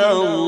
الله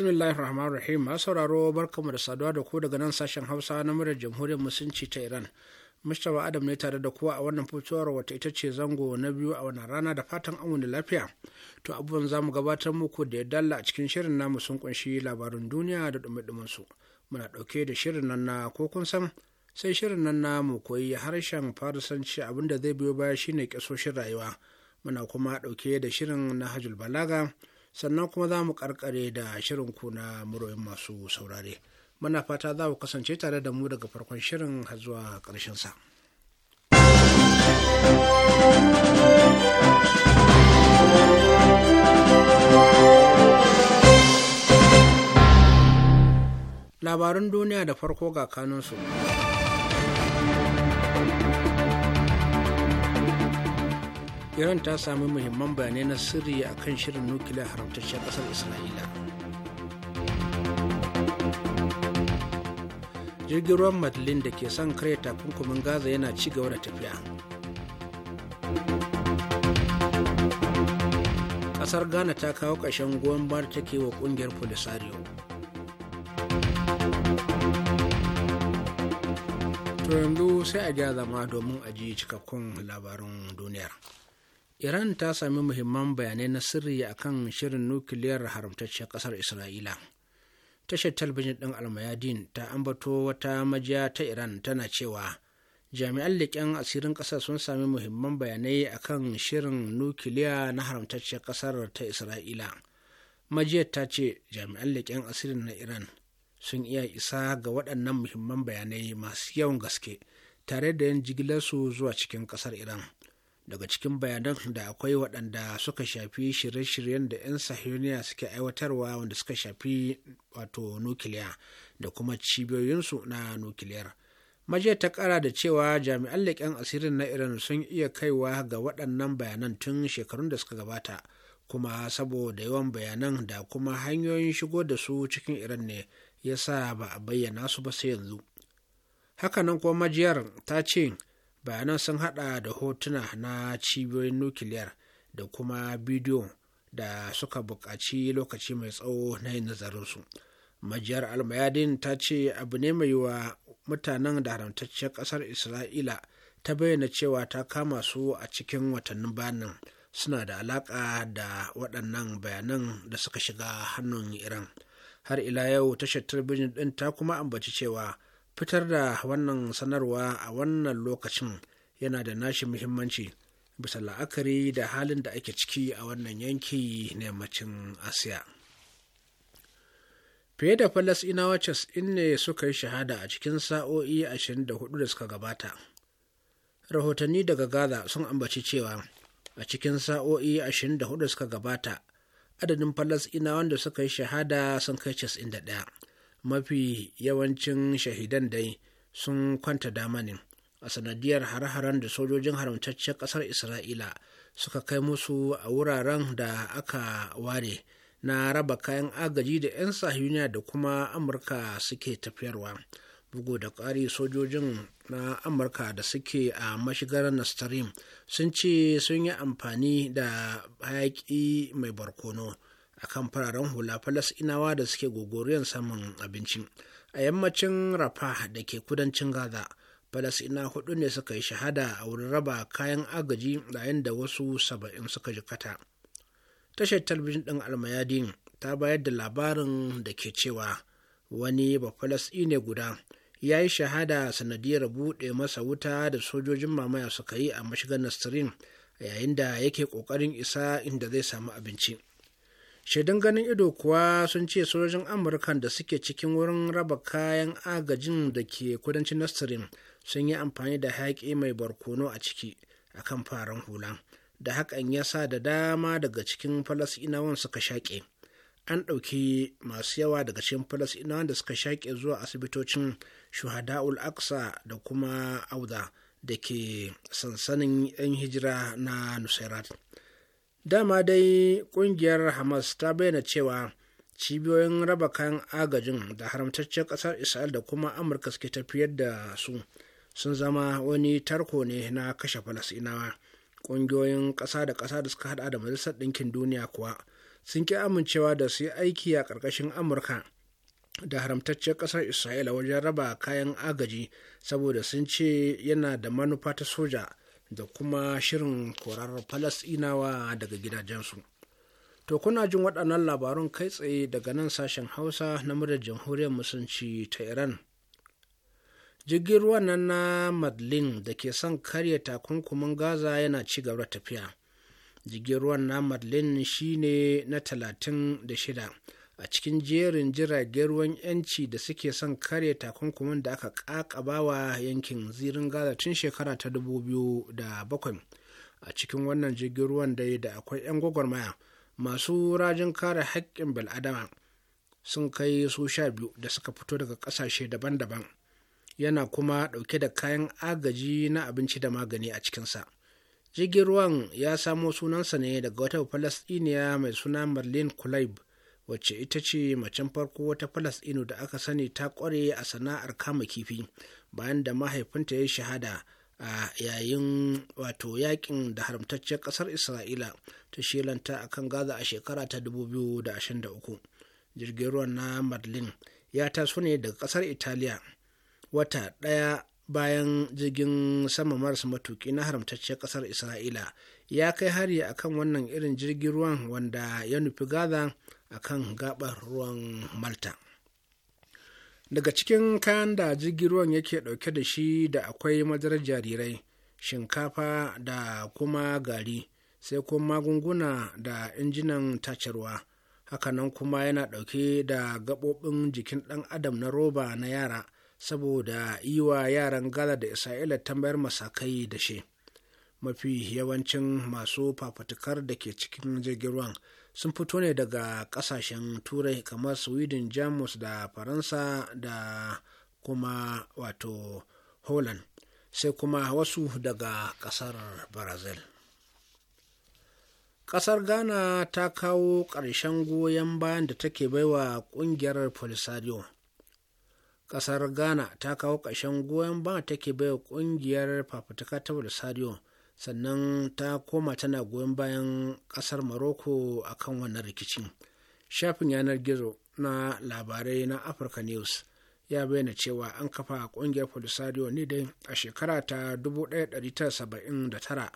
bismillahir rahmanir rahim masu sauraro barkamu da saduwa da ku daga nan sashen hausa na murar jamhuriyar musulunci ta iran mustapha adam ne tare da kuwa a wannan fitowar wata ita ce zango na biyu a wannan rana da fatan amon lafiya to abubuwan za mu gabatar muku da ya dalla a cikin shirin namu sun kunshi labarin duniya da dumi su muna ɗauke da shirin nan na ko kun san sai shirin nan na mu koyi harshen farisanci da zai biyo baya shine kyasoshin rayuwa muna kuma ɗauke da shirin na hajul balaga sannan kuma za mu karkare da shirin kuna na muroyin masu saurare muna fata za ku kasance tare da mu daga farkon shirin har zuwa karshen sa. Labarun duniya da farko ga kanunsu. iran ta sami muhimman bayanai na sirri a kan shirin nukiliya haramtacciyar ƙasar isra'ila jirgin ruwan madlin da ke son kare takunkumin gaza yana ci gaba da tafiya ƙasar ghana ta kawo ƙashen goyon bar take wa ƙungiyar polisario to yanzu sai a gyara zama domin a ji cikakkun labarin duniyar iran ta sami muhimman bayanai na sirri a kan shirin nukiliyar haramtacciyar ƙasar isra'ila tashar talabijin ɗin almayadin ta ambato wata majiya ta iran tana cewa jami'an leƙen asirin ƙasar sun sami muhimman bayanai a kan shirin nukiliya na haramtacciyar ƙasar ta isra'ila majiyar ta ce jami'an leƙen asirin na iran sun iya isa ga waɗannan muhimman bayanai masu yawan gaske tare da yin su zuwa cikin ƙasar iran daga cikin bayanan da akwai waɗanda suka shafi shirye-shiryen da 'yan sahiyoniya suke aiwatarwa wanda suka shafi wato nukiliya da kuma cibiyoyinsu na nukiliyar maje ta kara da cewa jami'an leƙen asirin na iran sun iya kaiwa ga waɗannan bayanan tun shekarun da suka gabata kuma saboda yawan bayanan da kuma hanyoyin shigo da su cikin iran ne ya sa ba a bayyana su ba sai yanzu hakanan kuma majiyar ta ce bayanan sun hada da hotuna na cibiyoyin nukiliyar da kuma bidiyo da suka buƙaci lokaci mai tsawo na yin nazarinsu majiyar almayadin ta ce abu ne mai wa mutanen da haramtacciyar ƙasar isra'ila ta bayyana cewa ta kama su a cikin watannin bayanan suna da alaƙa da waɗannan bayanan da suka shiga hannun iran har ila yau tashar talabijin ɗin ta kuma ambaci cewa fitar da wannan sanarwa a wannan lokacin yana da nashi muhimmanci bisa la'akari da halin da ake ciki a wannan yanki na yammacin asiya fiye da falasinawa casa'in ne suka yi shahada a cikin sa'o'i 24 da suka gabata rahotanni daga gaza sun ambaci cewa a cikin sa'o'i 24 da suka gabata adadin falasinawan da suka yi shahada sun kai 91 mafi yawancin shahidan dai sun kwanta dama ne a sanadiyar har haren da sojojin haramtacciyar ƙasar isra'ila suka kai musu a wuraren da aka ware na raba kayan agaji da 'yan sahiyuniya da kuma amurka suke tafiyarwa bugu da ƙari sojojin na amurka da suke a mashigar nastarim sun ce sun yi amfani da hayaƙi mai barkono a kan fararen hula falasinawa da suke gogoriyar samun abinci a yammacin rafa da ke kudancin gaza falasina hudu ne suka yi shahada a wurin raba kayan agaji yayin da wasu saba'in suka jikata tashar talbijin ɗin almayadin ta bayar da labarin da ke cewa wani ne guda ya yi shahada sanadiyar buɗe masa wuta da sojojin mamaya suka yi a mashigar nasirin yayin da yake ƙoƙarin isa inda zai samu abinci shaidun ganin ido kuwa sun ce sojojin Amurkan da suke cikin wurin raba kayan agajin da ke kudancin Nasirin sun yi amfani da hayaƙi mai barkono a ciki a kan faran hula da hakan ya sa da dama daga cikin falasinawan suka shaƙe an ɗauki masu yawa daga cikin falasinawan da suka shaƙe zuwa asibitocin shuhada'ul aksa da kuma auda da ke sansanin 'yan hijira na nusairat dama dai ƙungiyar hamas ta bayyana cewa cibiyoyin raba kayan agajin da haramtaccen ƙasar isra'il da kuma amurka suke tafiyar da su sun zama wani tarko ne na kashe falasinawa ƙungiyoyin ƙasa da ƙasa da suka hada da majalisar ɗinkin duniya kuwa sun ki amincewa da su yi aiki a ƙarƙashin amurka da haramtaccen ƙasar isra'ila wajen raba kayan agaji saboda sun ce yana da manufa ta soja da kuma shirin korar falasinawa daga gidajensu to kuna jin waɗannan labarun kai tsaye daga nan sashen hausa na murar jamhuriyar musulunci ta iran jirgin ruwan nan na madlin da ke son karya takunkumin gaza yana ci gaba tafiya jirgin ruwan na madlin shine na talatin da shida a cikin jerin jiragen ruwan yanci da suke son karya takunkumin da aka ƙaƙabawa yankin zirin gaza tun shekara ta 2007 a cikin wannan jirgin ruwan dai da akwai 'yan gwagwarmaya masu rajin kare haƙƙin bil'adama sun kai su sha biyu da suka fito daga ƙasashe daban-daban yana kuma ɗauke da kayan agaji na abinci da magani a cikinsa jirgin ruwan ya samo sunansa ne daga wata Falasɗiniya mai suna marlin kulaib wacce ita ce macen farko wata falasɗinu da aka sani ta ƙware a sana'ar kama kifi bayan da mahaifinta ya yi shahada a yayin wato yakin da haramtaccen ƙasar isra'ila ta shelanta a kan gaza a shekara ta 2023 jirgin ruwan na madlin ya taso ne daga ƙasar italiya wata ɗaya bayan jirgin sama marasa matuƙi na haramtacciyar ƙasar isra'ila ya kai hari a kan wannan irin jirgin ruwan wanda ya nufi gaza a kan gabar ruwan malta daga cikin kayan da jirgin ruwan yake dauke da shi da akwai madarar jarirai shinkafa da kuma gari sai kuma magunguna da injinan tacewa hakanan kuma yana dauke da gabobin jikin dan adam na roba na yara saboda yi wa yaran gaza da isra'ila tambayar masakai da shi mafi yawancin masu fafatukar da ke cikin jirgin ruwan sun fito ne daga kasashen turai kamar sweden jamus da faransa da kuma wato holland sai kuma wasu daga kasar brazil kasar ghana ta kawo ƙarshen goyon bayan da take baiwa ƙungiyar polisario kasar ghana ta kawo ƙarshen goyon bayan da take baiwa ƙungiyar fafutuka ta polisario sannan ta koma tana goyon bayan ƙasar morocco a kan wannan rikicin shafin yanar gizo na labarai na africa news ya bayyana cewa an kafa ƙungiyar polisario ne dai a shekara ta 1979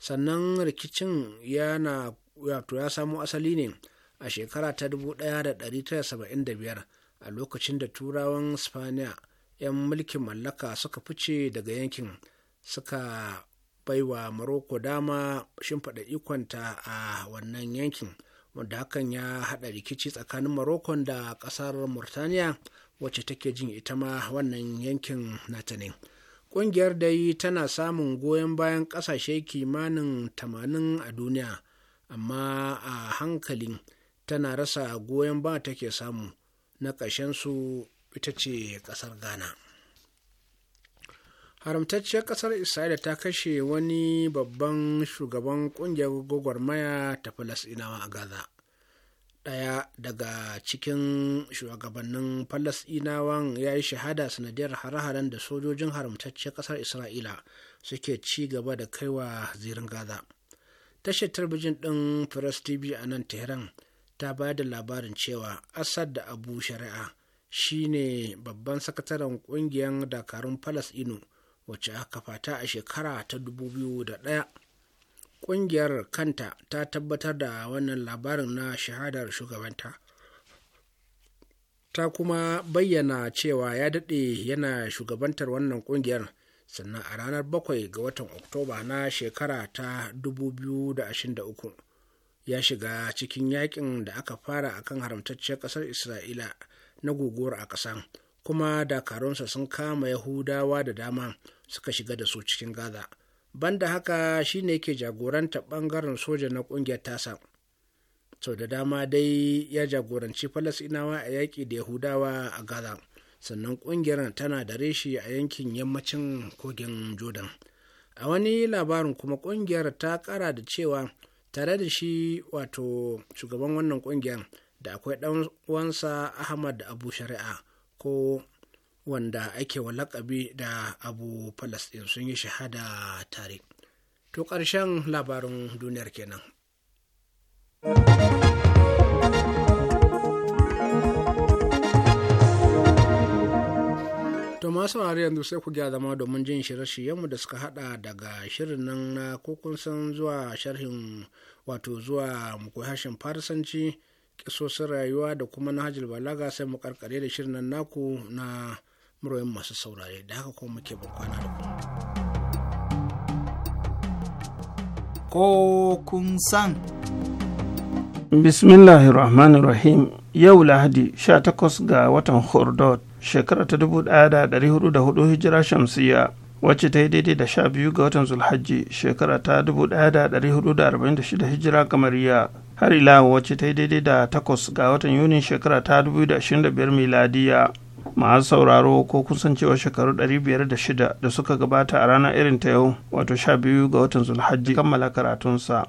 sannan rikicin yana wato ya samo asali ne a shekara ta 1975 a lokacin da turawan spaniya 'yan mulkin mallaka suka fice daga yankin suka baiwa Morocco dama shimfiɗa ikonta a wannan yankin wanda hakan ya haɗa rikici tsakanin Morocco da ƙasar Murtaniya wacce take jin ita ma wannan yankin nata ne. Ƙungiyar da yi tana samun goyon bayan ƙasashe kimanin tamanin a duniya, amma a hankali tana rasa goyon ba take samu na ƙashensu ita ce ƙasar Ghana. haramtacciyar kasar isra'ila ta kashe wani babban shugaban kungiyar gwagwarmaya ta falasɗinawa a gaza ɗaya daga cikin shugabannin falasɗinawan ya yi shahada sanadiyar hare-haren da sojojin haramtacciyar kasar isra'ila suke ci gaba da kaiwa zirin gaza tashar talbijin ɗin press tv a nan tehran ta bayar da labarin cewa asad da abu shari'a shine babban sakataren ƙungiyar dakarun falasɗinu wacce aka fata a shekara ta 2001 ƙungiyar kanta ta tabbatar da wannan labarin na shahadar shugabanta ta kuma bayyana cewa ya daɗe yana shugabantar wannan ƙungiyar sannan a ranar 7 ga watan oktoba na shekara ta 2023 ya shiga cikin yakin da aka fara akan haramtacciyar ƙasar isra'ila na guguwar a ƙasan. kuma dakarunsa sun kama yahudawa da dama suka shiga da su cikin gaza banda haka shine ke jagoranta bangaren soja na kungiyar tasa sau da dama dai ya jagoranci falasinawa a yaƙi da yahudawa a gaza sannan kungiyar tana da reshe a yankin yammacin kogin jordan a wani labarin kuma kungiyar ta kara da cewa tare da shi wato shugaban wannan kungiyar da akwai ɗan uwansa ahmad abu shari'a ko wanda ake wa lakabi da abu palestine sun yi shahada tare to ƙarshen labarin duniyar kenan to masu yanzu sai ku gya zama domin jin shirye-shiryenmu da suka hada daga shirin nan na kun zuwa sharhin wato zuwa muku harshen farisanci kisosin rayuwa da kuma na nahajul balaga sai mu karkare da shirin nan naku na muryoyin masu saurare da haka kuma muke bin da ko kun san bismillahirrahmanirrahim yau lahadi 18 ga watan hordot shekara ta 1404 hijira shamsiya wacce ta yi daidai da sha biyu ga watan zulhajji shekara ta 1446 hijira kamariya har ila wacce ta yi daidai da takwas ga watan yunin shekara ta 2025 miladiya masu sauraro ko kusancewa shekaru 506 da shida da suka gabata a ranar irin ta yau wato sha biyu ga watan zulhajji kammala karatunsa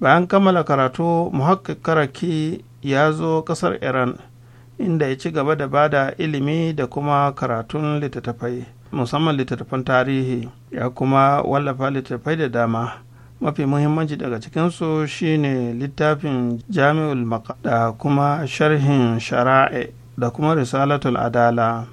bayan kammala karatu muhakkik karaki ya zo kasar iran inda ya ci gaba da bada ilimi da kuma karatun littattafai musamman littattafan tarihi ya kuma wallafa littattafai da dama mafi muhimmanci daga cikinsu shine littafin jami'ul da kuma sharhin shara'i da kuma risalatul adala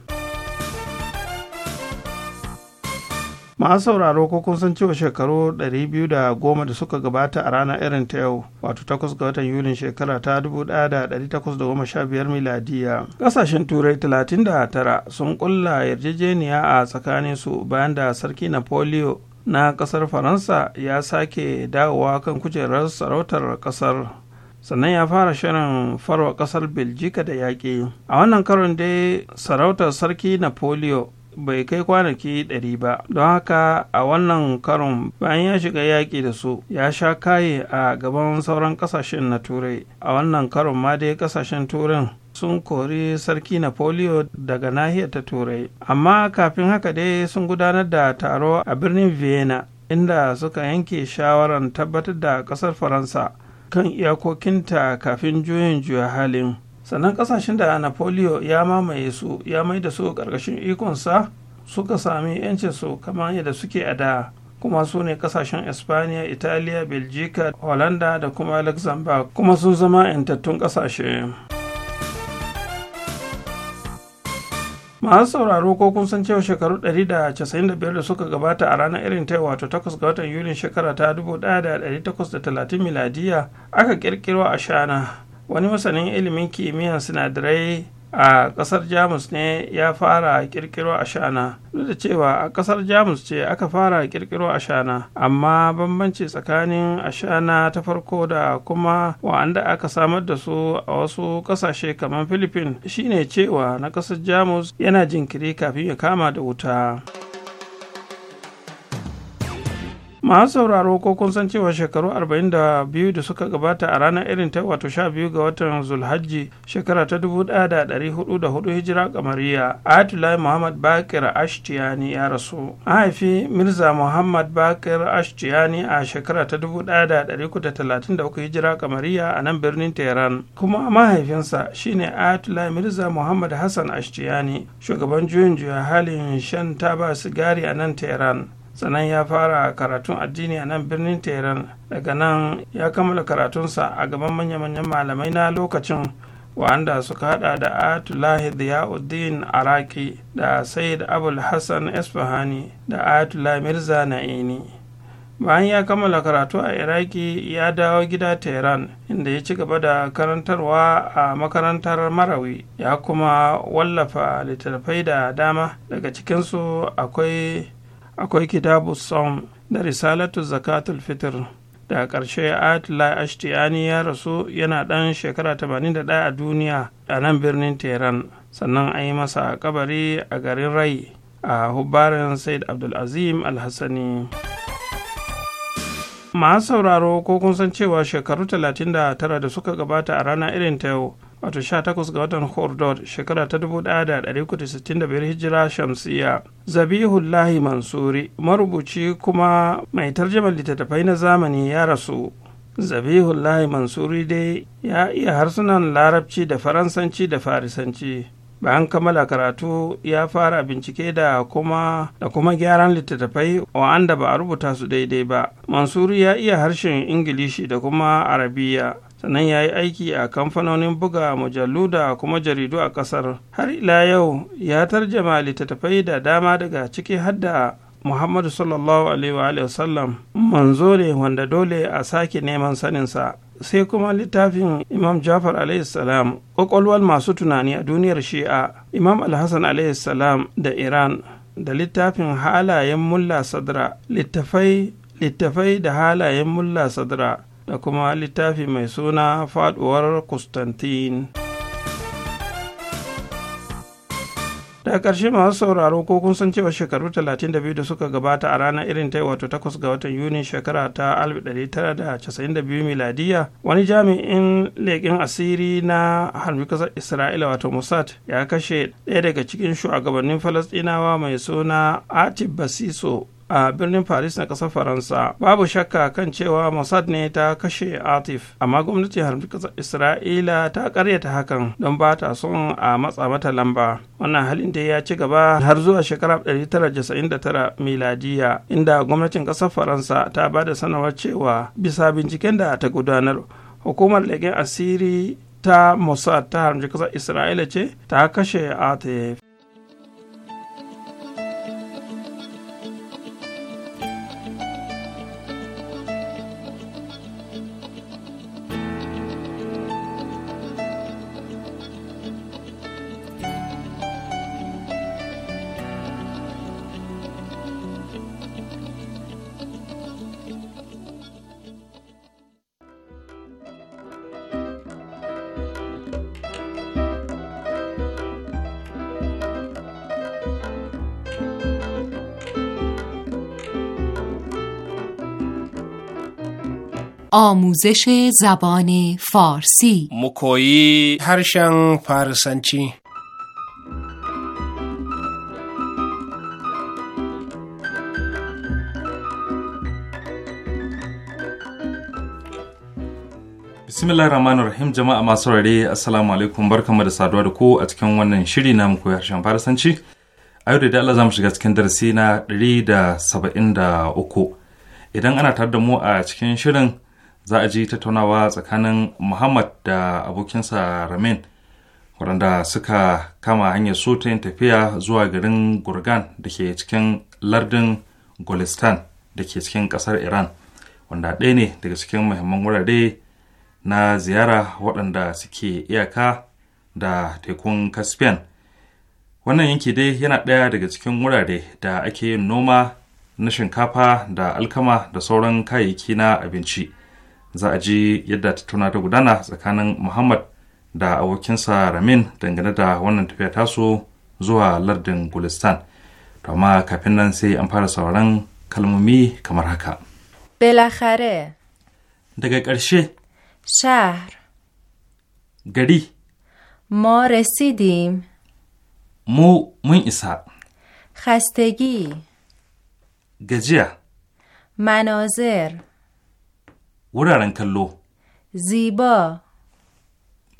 masu sauraro ko kun san cewa shekaru 210 da suka gabata a rana irin ta yau wato 8 ga watan yulin shekara ta 1815 miladiya kasashen turai 39 sun kulla yarjejeniya a tsakaninsu bayan da sarki napoleon na kasar faransa ya sake dawowa kan kujerar sarautar kasar sannan ya fara shirin farwa kasar beljika da yaƙi a wannan karon dai sarautar sarki napoleon bai kai kwanaki ɗari ba don haka a wannan karon bayan ya shiga yaƙi da su ya sha kaye a gaban sauran ƙasashen na turai a wannan karon ma dai ƙasashen turin sun kori sarki napoleon daga nahiyar ta turai amma kafin haka dai sun gudanar da taro a birnin vienna inda suka yanke shawarar tabbatar da kasar faransa kan iyakokinta kafin juyin juya halin sannan kasashen da napoleon ya mamaye su ya mai da su ƙarƙashin ikonsa suka sami su kamar yadda suke a da kuma su ne kasashen espaniya italiya belgica holanda da kuma luxembourg kuma sun zama 'yantattun kasashe masu sauraro ko kun san cewa shekaru 195 da suka gabata a ranar irin ta wato 8 ga watan yulin shekara ta 1830 miladiya aka kirkiro a shana wani masanin ilimin kimiyyar sinadarai a ƙasar jamus ne ya fara kirkiro ashana duk da cewa a ƙasar jamus ce aka fara kirkiro ashana amma bambanci tsakanin ashana ta farko da kuma wa'anda aka samar da su a wasu ƙasashe kamar philippines shine cewa na ƙasar jamus yana jinkiri kafin ya kama da wuta. masu sauraro ko kun san cewa shekaru 42 da suka gabata a ranar irin ta wato 12 ga watan zulhajji shekara ta 1404 hijira kamariya ayatollah muhammad bakir ashtiyani ya rasu a haifi mirza muhammad bakir ashtiyani a shekara ta 1433 hijira kamariya a nan birnin tehran kuma mahaifinsa shine ayatollah mirza muhammad hassan ashtiyani shugaban juyin juya halin shan taba sigari a nan tehran sannan ya fara karatun addini a nan birnin tehran daga nan ya kammala karatunsa a gaban manya-manyan malamai na lokacin wanda suka hada da atulahi Uddin araki da Sayyid abul hassan isfahani da atulahi mirza na'ini bayan ya kammala karatu a iraki ya dawo gida tehran inda ya ci gaba da karantarwa a makarantar marawi ya kuma wallafa littattafai da dama daga cikinsu akwai akwai kitabu som da risalatu zakatul fitr da ƙarshe atla Ashtiani ya rasu yana ɗan shekara 81 a duniya a nan birnin tehran sannan an yi masa kabari a garin rai a hubbarin said abdulazim hassani masu sauraro ko kun san cewa shekaru 39 da suka gabata a rana irin ta yau wato takwas ga watan hordod shekara ta biyar hijira shamsiya zabihullahi mansuri marubuci kuma mai tarjamar littattafai na zamani ya rasu zabihullahi mansuri dai ya iya harsunan larabci da faransanci da farisanci bayan kammala karatu ya fara bincike da kuma da kuma gyaran littattafai wa'anda ba a rubuta su daidai ba mansuri ya iya harshen ingilishi da kuma arabiya sannan ya yi aiki a kamfanonin buga mujallu da kuma jaridu a kasar har ila yau ya tarjama littattafai da dama daga ciki hadda muhammadu sallallahu alaihi wasallam manzo ne wanda dole a sake neman saninsa sai kuma littafin imam jafar alaihi salam kwakwalwal masu tunani a duniyar shi'a imam alhassan alaihi salam da iran da littafin halayen mulla sadra littafai littafai da halayen mulla sadra da kuma littafi mai suna faduwar Kustantin. ta ƙarshe masu sauraro ko kun san cewa shekaru 32 da suka gabata a ranar irin ta wato 8 ga watan yuni shekara ta 1992 miladiya wani jami'in leƙin asiri na harbi ƙasar isra'ila wato mossad ya kashe ɗaya daga cikin shugabannin falasɗinawa mai suna atib a birnin paris na ƙasar faransa babu shakka kan cewa mossad ne ta kashe atif amma gwamnati harbin ƙasar isra'ila ta karyata hakan don ba ta son a matsa mata lamba wannan halin da ya ci gaba har zuwa shekara 1999 miladiya inda gwamnatin ƙasar faransa ta ba da sanarwar cewa bisa binciken da ta gudanar hukumar leƙen asiri ta mossad ta harbi ƙasar isra'ila ce ta kashe atif آموزش زبان فارسی harshen هرشن فارسنچی bismillahir rahmanir rahim jama'a masu rare assalamu alaikum barkamu da saduwa da ko a cikin wannan shiri na mu koyi harshen farasanci a yau da Allah za mu shiga cikin darasi na da da uku idan ana tare da mu a cikin shirin za a ji tattaunawa tsakanin muhammad da abokinsa ramin waɗanda suka kama hanyar su yin tafiya zuwa garin gurgan da ke cikin lardin golistan da ke cikin ƙasar iran wanda ɗaya ne daga cikin muhimman wurare na ziyara waɗanda suke iyaka da tekun caspian wannan yanki dai yana ɗaya daga cikin wurare da ake yin noma na shinkafa da alkama da sauran kayayyaki na abinci za a ji yadda tattauna da gudana tsakanin muhammad da abokinsa ramin dangane da wannan tafiya taso zuwa lardin gulistan to amma kafin nan sai an fara sauran kalmomi kamar haka belakare daga ƙarshe shahar gari mo residim Mu mun isa. خستگی Gajiya. Manozer. wuraren کلو زیبا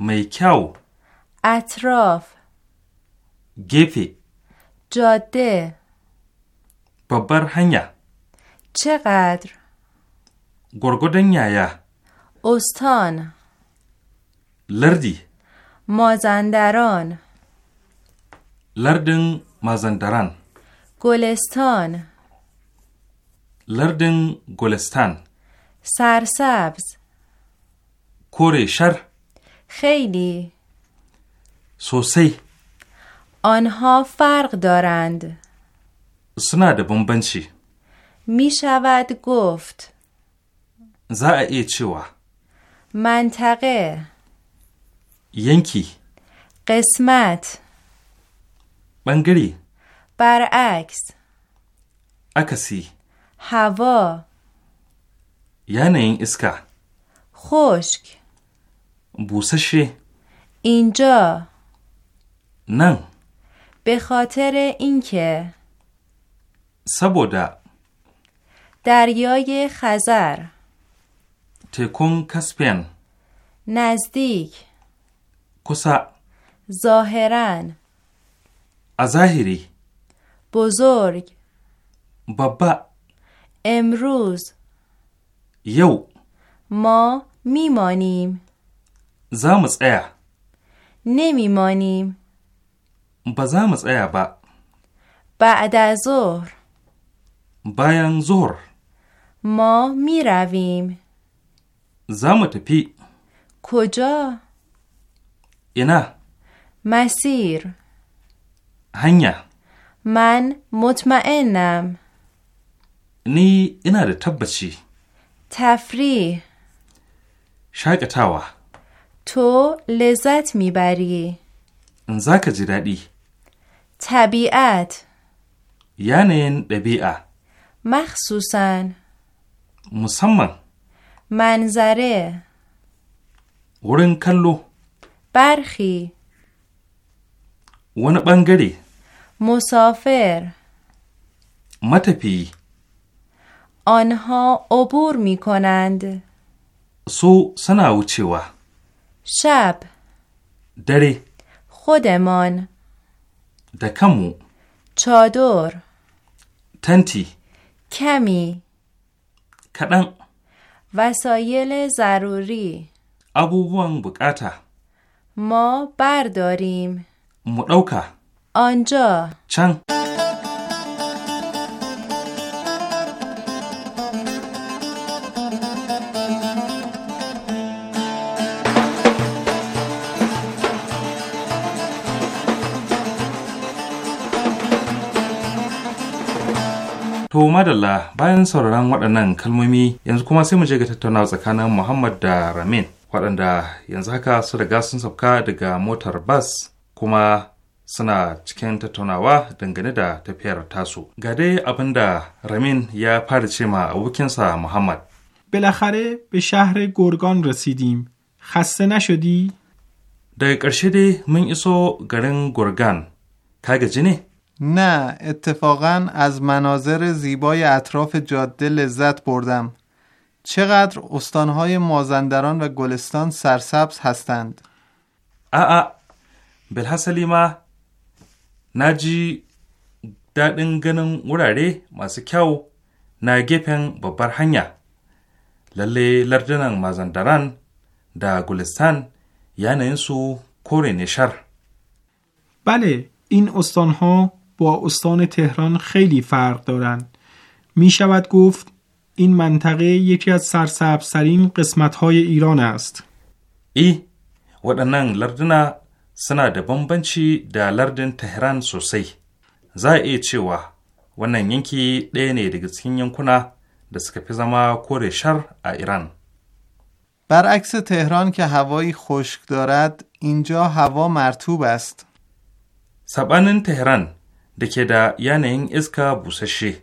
میکاو اطراف gefe جاده ببر هنیه چقدر گرگودن یایا استان لردی مازندران لردن مازندران گلستان لردن گلستان سرسبز کره شر خیلی سوسی آنها فرق دارند سناد بمبنچی می شود گفت زعی چوا منطقه ینکی قسمت بنگری برعکس اکسی هوا یعنی اسکا خشک بوسشه اینجا نه به خاطر اینکه سبودا دریای خزر تکون کسپین نزدیک کسا ظاهرا ازاهری بزرگ بابا امروز Yau. Ma mimanim. Za mu tsaya. Ne mimanim. Ba za mu tsaya ba. Ba a da zor. Bayan zor. Ma miravim. Za mu tafi. Kojo. Ina. Masir. Hanya. Man mutma'innam. Ni ina da tabbaci. تفریح شاکتاوا تو لذت میبری زاک جی دادی طبیعت یعنی طبیعه مخصوصا مسمم منظره ورن کلو برخی ون بنگری مسافر متفی آنها عبور می کنند سو سنا و شب دری خودمان دکمو چادر تنتی کمی کدن وسایل ضروری بوان بکاتا ما برداریم. مدوکا. آنجا. چند. To madalla bayan sauraron waɗannan kalmomi yanzu kuma sai mu je ga tattaunawa tsakanin Muhammad da Ramin waɗanda yanzu haka su riga sun sauka daga motar bas kuma suna cikin tattaunawa dangane da tafiyar tasu. Ga dai abin da Ramin ya fara ce ma abokinsa Muhammad. بالاخره به gorgon گرگان رسیدیم. na shudi. daga ƙarshe dai mun iso garin Gurgan. Ka gaji ne? نه اتفاقا از مناظر زیبای اطراف جاده لذت بردم چقدر استانهای مازندران و گلستان سرسبز هستند آ بلها ما نجی دادن گنن وراره ماسی کهو نایگه پین با برحنیا للی لردنان مازندران دا گلستان یعنی سو کوری نشر بله این استانها با استان تهران خیلی فرق دارند. می شود گفت این منطقه یکی از سرسبزترین قسمت های ایران است. ای و دنن لردنا سنا دبن بنچی دا لردن تهران سوسی. زا ای چی و و نن ینکی دینی دگزکین ینکونا زما کور شر ا ایران. برعکس تهران که هوایی خشک دارد اینجا هوا مرتوب است. سبانن تهران da ke da از iska بوسه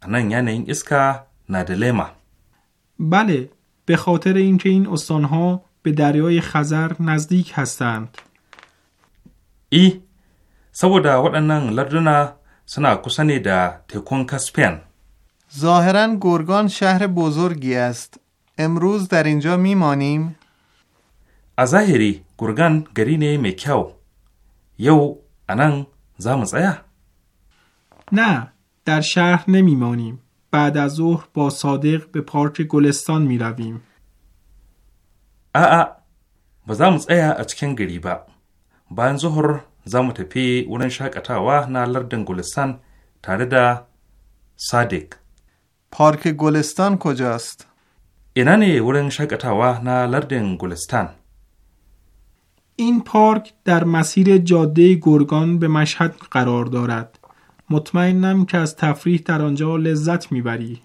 a nan yanayin iska na به خاطر اینکه این استانها به دریای خزر نزدیک هستند. ای سبودا وطنن لردونه سنا کسانی دا تکون کسپین ظاهرا گرگان شهر بزرگی است. امروز در اینجا میمانیم؟ ظاهری گرگان گرینه میکیو یو انن زامز نه در شهر نمیمانیم بعد از ظهر با صادق به پارک گلستان می رویم ا بازم از اچکن بعد بان ظهر زام تپی ورن شاکتاوا نا لردن گلستان تاره دا صادق پارک گلستان کجاست؟ اینانی نه ورن شاکتاوا لردن گلستان این پارک در مسیر جاده گرگان به مشهد قرار دارد مطمئنم که از تفریح در آنجا لذت میبری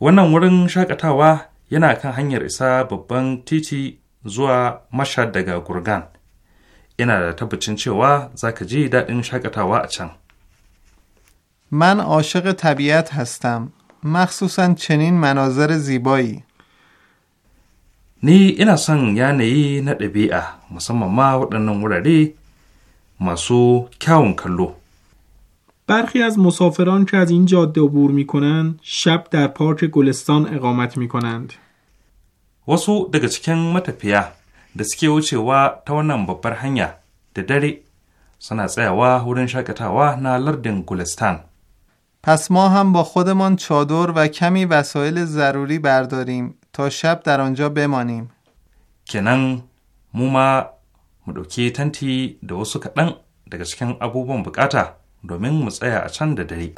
wannan wurin shakatawa yana kan hanyar isa babban titi zuwa mashad daga gurgan ina da tabbacin cewa za ka ji daɗin shakatawa a can من عاشق طبیعت هستم مخصوصا چنین مناظر زیبایی ni ina son yanayi na ɗabi'a musamman ma waɗannan wurare masu kyawun kallo برخی از مسافران که از این جاده عبور می کنند شب در پارک گلستان اقامت می کنند. wasu daga cikin matafiya da و wucewa ta ببر babbar hanya da dare سیا وا هورن shakatawa na نالردن گلستان پس ما هم با خودمان چادر و کمی وسایل ضروری برداریم تا شب در آنجا بمانیم. کنن موما مدوکی تنتی دو سو دگه چکن ابو abubuwan domin mu tsaya a can da dare.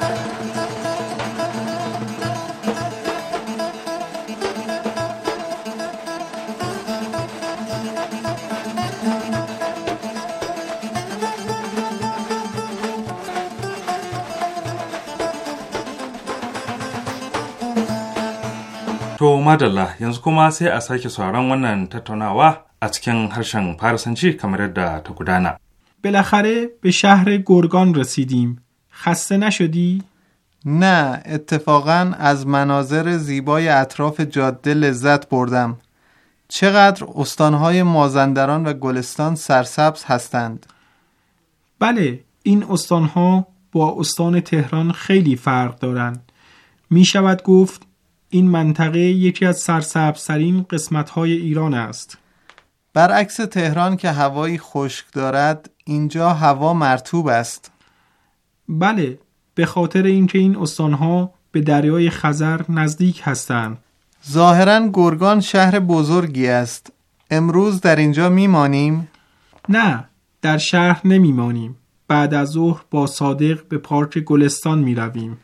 To madalla yanzu kuma sai a sake sauran wannan tattaunawa a cikin harshen Farisanci kamar yadda ta gudana. بالاخره به شهر گرگان رسیدیم خسته نشدی؟ نه اتفاقا از مناظر زیبای اطراف جاده لذت بردم چقدر استانهای مازندران و گلستان سرسبز هستند بله این استانها با استان تهران خیلی فرق دارند می شود گفت این منطقه یکی از سرسبزترین قسمتهای ایران است برعکس تهران که هوایی خشک دارد اینجا هوا مرتوب است بله به خاطر اینکه این استانها به دریای خزر نزدیک هستند ظاهرا گرگان شهر بزرگی است امروز در اینجا میمانیم نه در شهر نمیمانیم بعد از ظهر با صادق به پارک گلستان می رویم.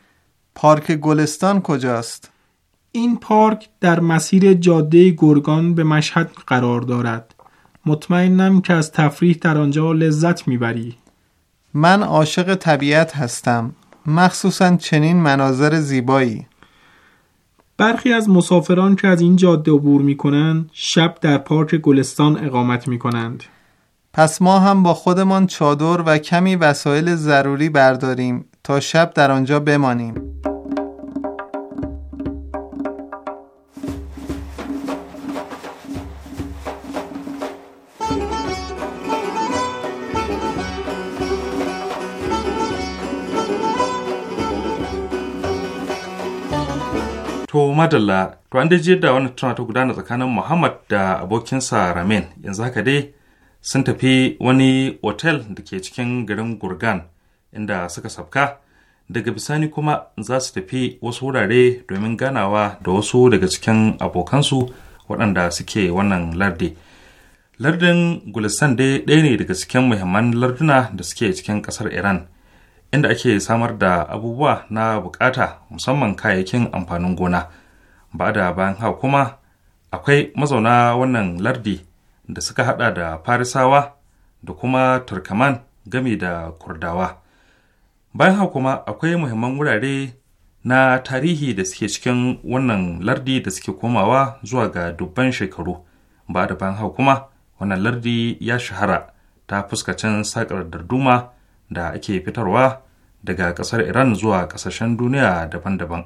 پارک گلستان کجاست؟ این پارک در مسیر جاده گرگان به مشهد قرار دارد. مطمئنم که از تفریح در آنجا لذت میبری من عاشق طبیعت هستم مخصوصا چنین مناظر زیبایی برخی از مسافران که از این جاده عبور میکنند شب در پارک گلستان اقامت می پس ما هم با خودمان چادر و کمی وسایل ضروری برداریم تا شب در آنجا بمانیم madalla to an daji yadda wani tana ta gudana tsakanin muhammad da abokinsa ramin yanzu haka dai sun tafi wani otel da ke cikin garin gurgan inda suka sabka daga bisani kuma za su tafi wasu wurare domin ganawa da wasu daga cikin abokansu waɗanda suke wannan lardi lardin gulistan dai ɗaya ne daga cikin muhimman larduna da suke cikin ƙasar iran inda ake samar da abubuwa na bukata musamman kayayyakin amfanin gona ba da bayan hau kuma akwai mazauna wannan lardi da suka hada da farisawa da kuma turkaman gami da kurdawa bayan hau kuma akwai muhimman wurare na tarihi da suke cikin wannan lardi da suke komawa zuwa ga dubban shekaru ba da bayan hau kuma wannan lardi ya shahara ta fuskacin sakar darduma da ake fitarwa daga kasar iran zuwa kasashen duniya daban-daban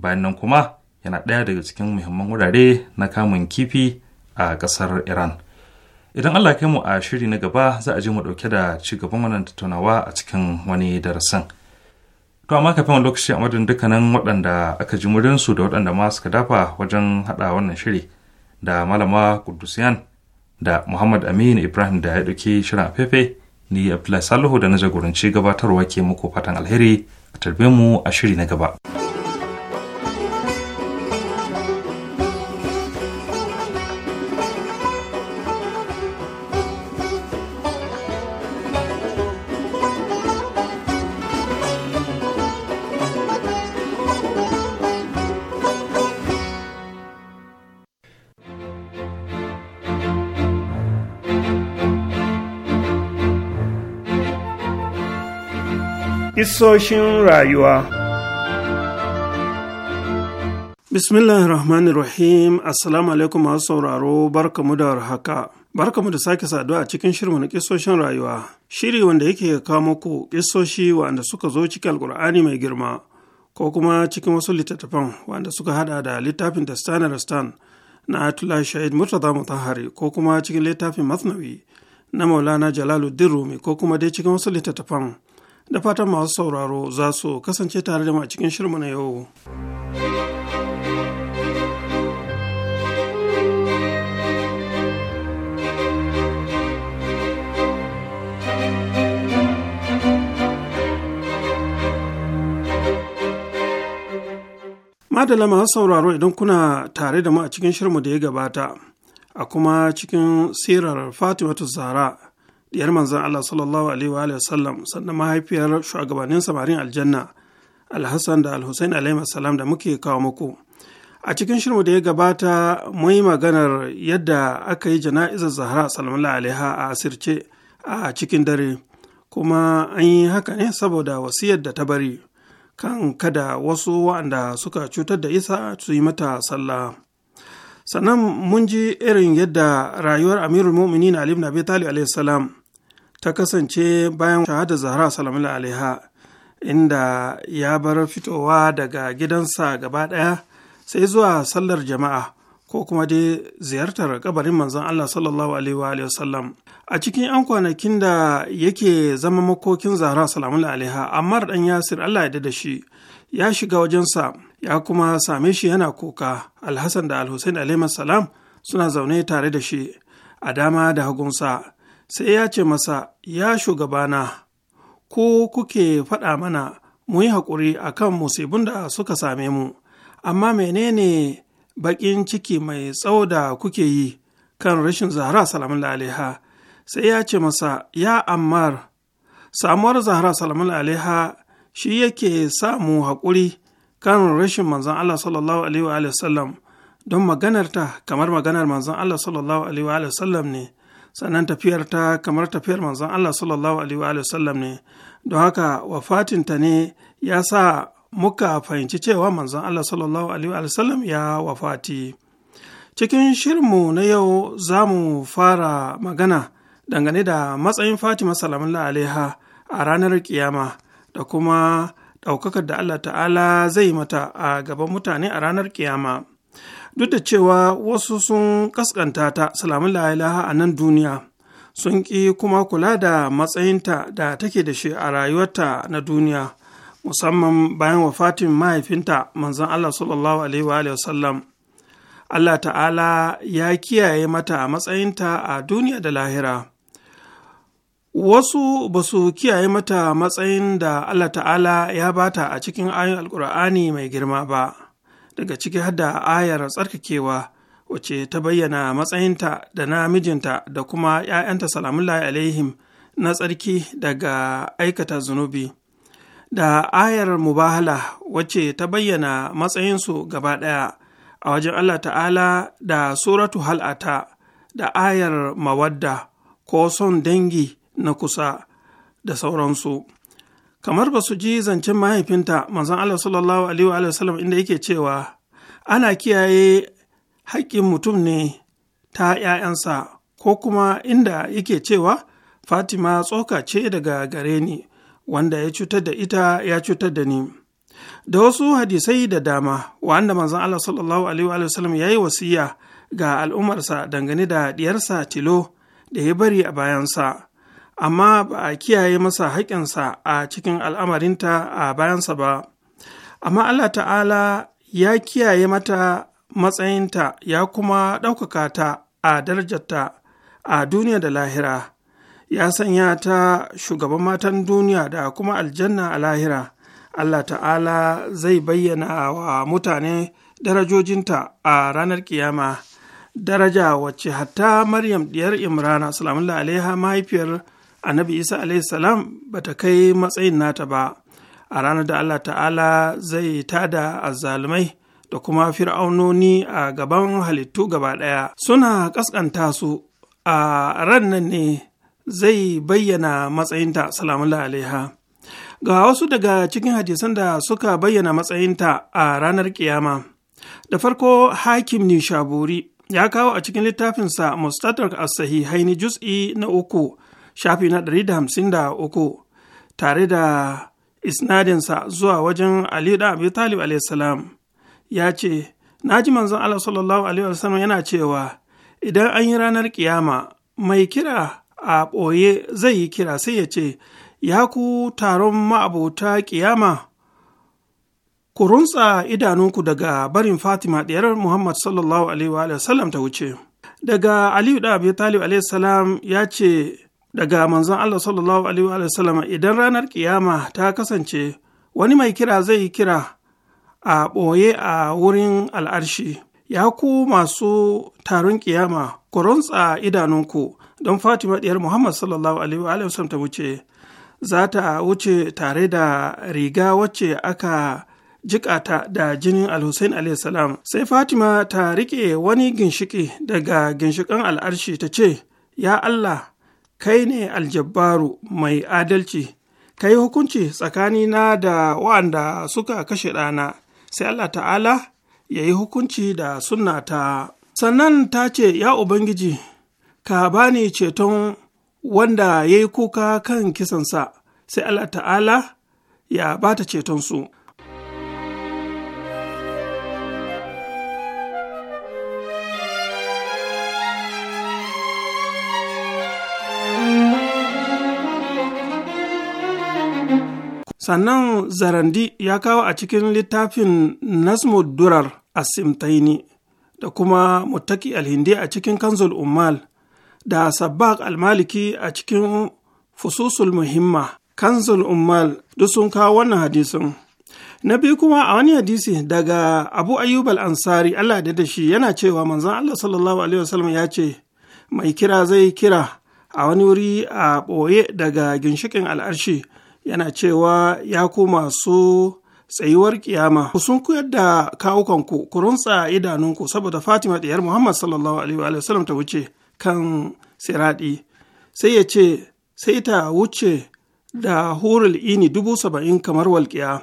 bayan nan kuma yana ɗaya daga cikin muhimman wurare na kamun kifi a ƙasar iran idan allah kai mu a shiri na gaba za a ji mu ɗauke da ci gaban wannan tattaunawa a cikin wani darasin to amma kafin wani lokaci a madadin dukkanin waɗanda aka ji murinsu da waɗanda ma suka dafa wajen haɗa wannan shiri da malama kudusiyan da muhammad aminu ibrahim da ya ɗauki shirin afefe ni abdullahi salihu da na jagoranci gabatarwa ke muku fatan alheri a tarbe mu a shiri na gaba. Isoshin rayuwa Bismillahir Rahmanir Rahim Assalamu alaikum masu sauraro barkamu da warhaka. Barkamu da sake saduwa a cikin shirin na kisoshin rayuwa, shiri wanda yake kawo muku kisoshi wanda suka zo cikin alkur'ani mai girma, ko kuma cikin wasu littattafan wanda suka hada da littafin Dastanar Stan na Atula Shahid Murtaza Mutahari ko kuma cikin littafin Masnawi na Maulana Jalaluddin Rumi ko kuma dai cikin wasu littattafan da fatan masu sauraro za su kasance tare da mu a cikin shirma na yau. Madala masu sauraro idan kuna tare da mu a cikin shirmu da ya gabata, a kuma cikin sirar Fatimatu Zahra diyar Manzon Allah sallallahu alaihi wa sallam sannan mahaifiyar shugabannin samarin aljanna alhassan da alhussein alaihi salam da muke kawo muku a cikin shirmu da ya gabata mun yi maganar yadda aka yi jana'izar zahra sallallahu alaiha a asirce a cikin dare kuma an yi haka ne saboda wasiyar da ta bari kan kada wasu waɗanda suka cutar da isa su yi mata sallah sannan mun ji irin yadda rayuwar amirul mu'minin ali ibn abi talib alayhi salam ta kasance bayan shahada zahra salamu alaiha inda ya bar fitowa daga gidansa gaba ɗaya sai zuwa sallar jama'a ko kuma dai ziyartar kabarin manzon Allah sallallahu alaihi wa sallam a cikin yan kwanakin da yake zama makokin zahra salamu alaiha ammar dan yasir Allah ya da shi ya shiga wajensa ya kuma same shi yana kuka alhassan da alhussein alaihi salam suna zaune tare da shi a dama da hagunsa sai ya ce masa ya shugabana ko kuke faɗa mana mu yi haƙuri a kan musibin da suka same mu amma menene baƙin ciki mai tsawo da kuke yi kan rashin zahra salamun alaiha sai ya ce masa ya ammar samuwar zahra salamun alaiha shi yake samu haƙuri kan rashin manzon Allah sallallahu alaihi wa sallam don maganarta kamar maganar manzon Allah sallallahu alaihi wa sallam ne sannan tafiyarta kamar tafiyar manzon Allah sallallahu alaihi wa sallam ne don haka wafatinta ne ya sa muka fahimci cewa manzon Allah sallallahu alaihi wa sallam ya wafati cikin shirinmu na yau za mu fara magana dangane da matsayin Fatima salamun alaiha a ranar kiyama da kuma ɗaukakar da Allah ta'ala zai mata a gaban mutane a ranar kiyama duk da cewa wasu sun ƙasƙanta ta salamun la'ilaha a nan duniya sun ƙi kuma kula da matsayinta da take da shi a rayuwarta na duniya musamman bayan wafatin mahaifinta manzon Allah sallallahu alaihi wa Allah ta'ala ya kiyaye mata a matsayinta a duniya da lahira. wasu ba su kiyaye mata matsayin da Allah ta'ala ya bata a cikin ayin alkur'ani mai girma ba daga ciki hada ayar tsarkakewa wace ta bayyana matsayinta da na mijinta da kuma 'ya'yanta salamullahi alaihim na tsarki daga aikata zunubi da ayar mubahala wace ta bayyana matsayinsu gaba ɗaya a wajen Allah ta'ala da suratu hal'ata da ayar mawadda ko son dangi na kusa da sauransu kamar ba su ji zancen mahaifinta manzon Allah sallallahu alaihi wa inda yake cewa ana kiyaye haƙƙin mutum ne ta ‘ya'yansa ko kuma inda yake cewa Fatima tsoka ce daga gare ni wanda ya cutar da ita ya cutar da ni. Da wasu hadisai da dama wanda manzon Allah sallallahu alaihi wa ya yi wasiya ga al'ummarsa dangane da diyarsa tilo da ya bari a bayansa amma ba a kiyaye masa haƙƙinsa a cikin al'amarinta a bayansa ba amma allah ta'ala ya kiyaye mata matsayinta ya kuma ɗaukaka ta a darajarta a duniya da lahira ya sanya ta shugaban matan duniya da kuma aljanna a lahira allah ta'ala zai bayyana wa mutane darajojinta a ranar kiyama daraja wacce hatta maryam ɗiyar imrana salamun alaiha mahaifiyar annabi isa salam ba ta kai matsayin nata ba a ranar da allah ta'ala zai tada azzalumai da kuma fir'aunoni a gaban halittu gaba ɗaya suna ƙasƙanta su a ran nan ne zai bayyana matsayinta salamullah alaiha ga wasu daga cikin hadisan da suka bayyana matsayinta a ranar kiyama da farko hakim nishaburi ya kawo a cikin littafinsa mustatar as-sahihaini juz'i na uku shafi na 153 tare da isnadinsa zuwa wajen aliyu abu talib alaihissalam ya ce na ji manzon allah sallallahu alaihi wasallam yana cewa idan an yi ranar kiyama mai kira a ɓoye zai yi kira sai ya ce ya ku taron ma'abota kiyama ku runtsa idanunku daga barin fatima ɗiyar muhammad sallallahu alaihi wasallam ta wuce daga aliyu da abu talib alaihissalam ya ce daga manzon Allah sallallahu alaihi wa sallama idan ranar kiyama ta kasance wani mai kira zai yi kira a ɓoye a wurin al'arshi ya ku masu taron kiyama ku runtsa idanunku don Fatima diyar Muhammad sallallahu alaihi wa sallam ta wuce za ta wuce tare da riga wacce aka jikata da jinin alhussein salam sai fatima ta riƙe wani ginshiki daga ginshikan al'arshi ta ce ya allah kai ne aljabbaru mai adalci ka yi hukunci tsakanina da wa'anda suka kashe ɗana sai allah ta'ala ya yi hukunci da sunnata sannan ta ce ya ubangiji ka bani ceton wanda ya yi kuka kan kisansa sai allah ta'ala ya bata cetonsu sannan zarandi ya kawo a cikin littafin nasmud durar asimtaini da kuma mutaki alhindi a cikin kanzul ummal da sabbak almaliki a cikin fususul muhimma kanzul ummal duk sun kawo wannan hadisin na biyu kuma a wani hadisi daga abu ayyub al-ansari allah da shi yana cewa manzon allah sallallahu alaihi wasallam ya ce mai kira zai kira a wani wuri a ɓoye daga ginshikin al'arshi yana cewa ya ku su tsayuwar kiyama ku sun koyar da kawukanku ku runtsa idanunku saboda fatima ɗiyar muhammad sallallahu alaihi wa sallam ta wuce kan siraɗi sai ya ce sai ta wuce da hurul ini dubu saba'in kamar walƙiya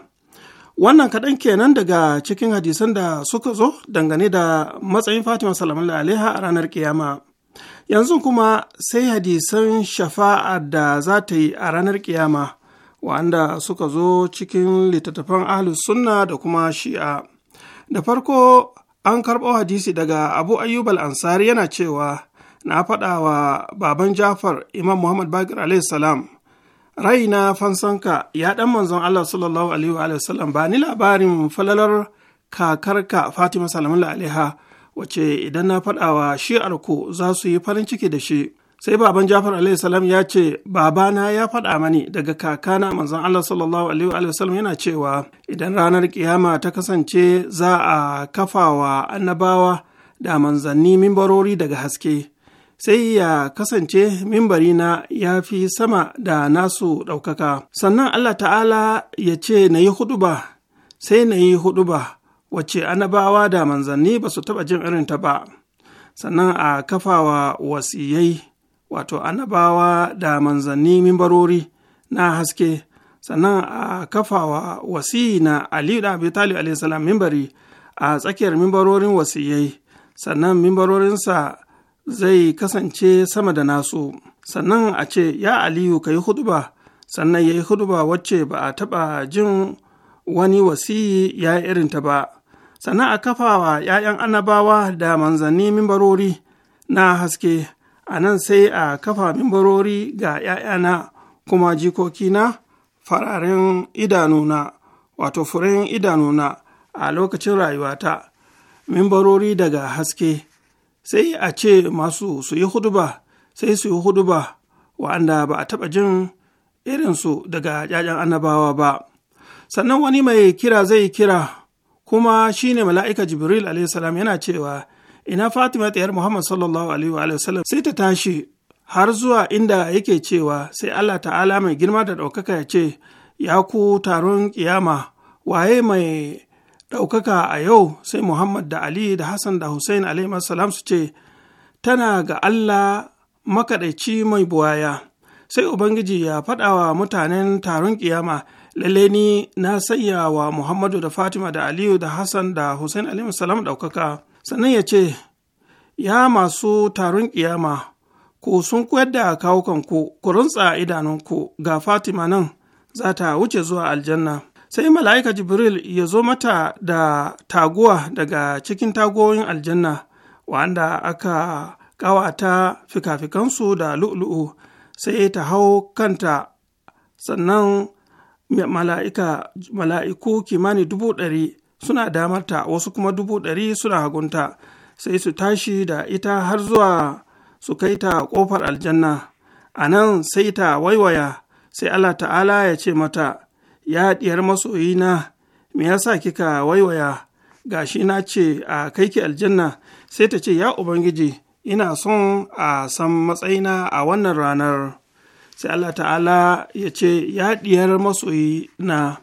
wannan kaɗan kenan daga cikin hadisan da suka zo dangane da matsayin fatima sallallahu alaiha a ranar kiyama yanzu kuma sai hadisan shafa'a da za ta yi a ranar kiyama wanda suka zo cikin littattafan ahlus sunna da kuma shi'a da farko an karɓo hadisi daga abu ayyub al-ansari yana cewa na faɗa wa baban jafar imam muhammad bakir alayhi salam raina fansanka ya ɗan manzon allah sallallahu alaihi wa ba ni labarin falalar kakarka fatima salamun alaiha wace idan na faɗa wa shi'arku za su yi farin ciki da shi sai baban jafar alaihi salam ya ce babana ya faɗa mani daga kakana manzon allah sallallahu alaihi yana cewa idan ranar kiyama ta kasance za a kafawa annabawa da manzanni mimbarori daga haske sai ya kasance mimbari na ya fi sama da nasu ɗaukaka sannan allah ta'ala ya ce na yi ba, sai na yi ba, wacce annabawa da manzanni ba su taɓa jin irinta ba sannan a kafawa wasiyai wato annabawa da manzanni mimbarori na haske sannan a kafawa wasi na aliyu da abu talib alaihissalam mimbari a tsakiyar mimbarorin wasiyai sannan mimbarorinsa zai kasance sama da nasu sannan a ce ya aliyu ka yi huduba sannan ya yi huduba wacce ba a taɓa jin wani wasiyi ya yi irinta ba sannan a kafawa ‘ya'yan annabawa da manzanni mimbarori na haske a nan sai a kafa mimbarori ga ‘ya'yana kuma jikokina fararen idanuna wato furen idanuna a lokacin rayuwata mimbarori daga haske sai a ce masu su yi huduba sai su yi huduba wa'anda ba a taɓa jin irinsu daga ‘ya'yan annabawa ba sannan wani mai kira zai kira kuma shine mala'ika jibril salam yana cewa ina fatima ɗayar muhammad sallallahu alaihi wa sallam sai ta tashi har zuwa inda yake cewa sai allah ta'ala mai girma da ɗaukaka ya ce ya ku taron kiyama waye mai ɗaukaka a yau sai muhammad da ali da hassan da hussein alaihi salam su ce tana ga allah makaɗaici mai buwaya sai ubangiji ya faɗa wa mutanen taron kiyama lalle ni na sayyawa muhammadu da fatima da aliyu da hassan da hussein alaihi salam ɗaukaka sannan ya ce ya masu taron ƙiyama ku sun koyar da kawukanku ku idanun ku ga fatima nan za ta wuce zuwa aljanna sai mala'ika jibril ya zo mata da taguwa daga cikin tagoyin aljanna wanda aka ƙawata fikafikansu da lu'lu'u sai ta hau kanta sannan mala'iku kimanin dubu ɗari suna damarta wasu kuma dubu ɗari suna hagunta sai su tashi da ita har zuwa su kai ta ƙofar aljanna a nan sai ta waiwaya sai Allah ta'ala ya ce mata ya diyar masoyina me yasa kika waiwaya gashi na ce a kai ki aljanna sai ta ce ya ubangiji ina son a san matsayina a wannan ranar sai Allah ta'ala ya ce ya diyar masoyina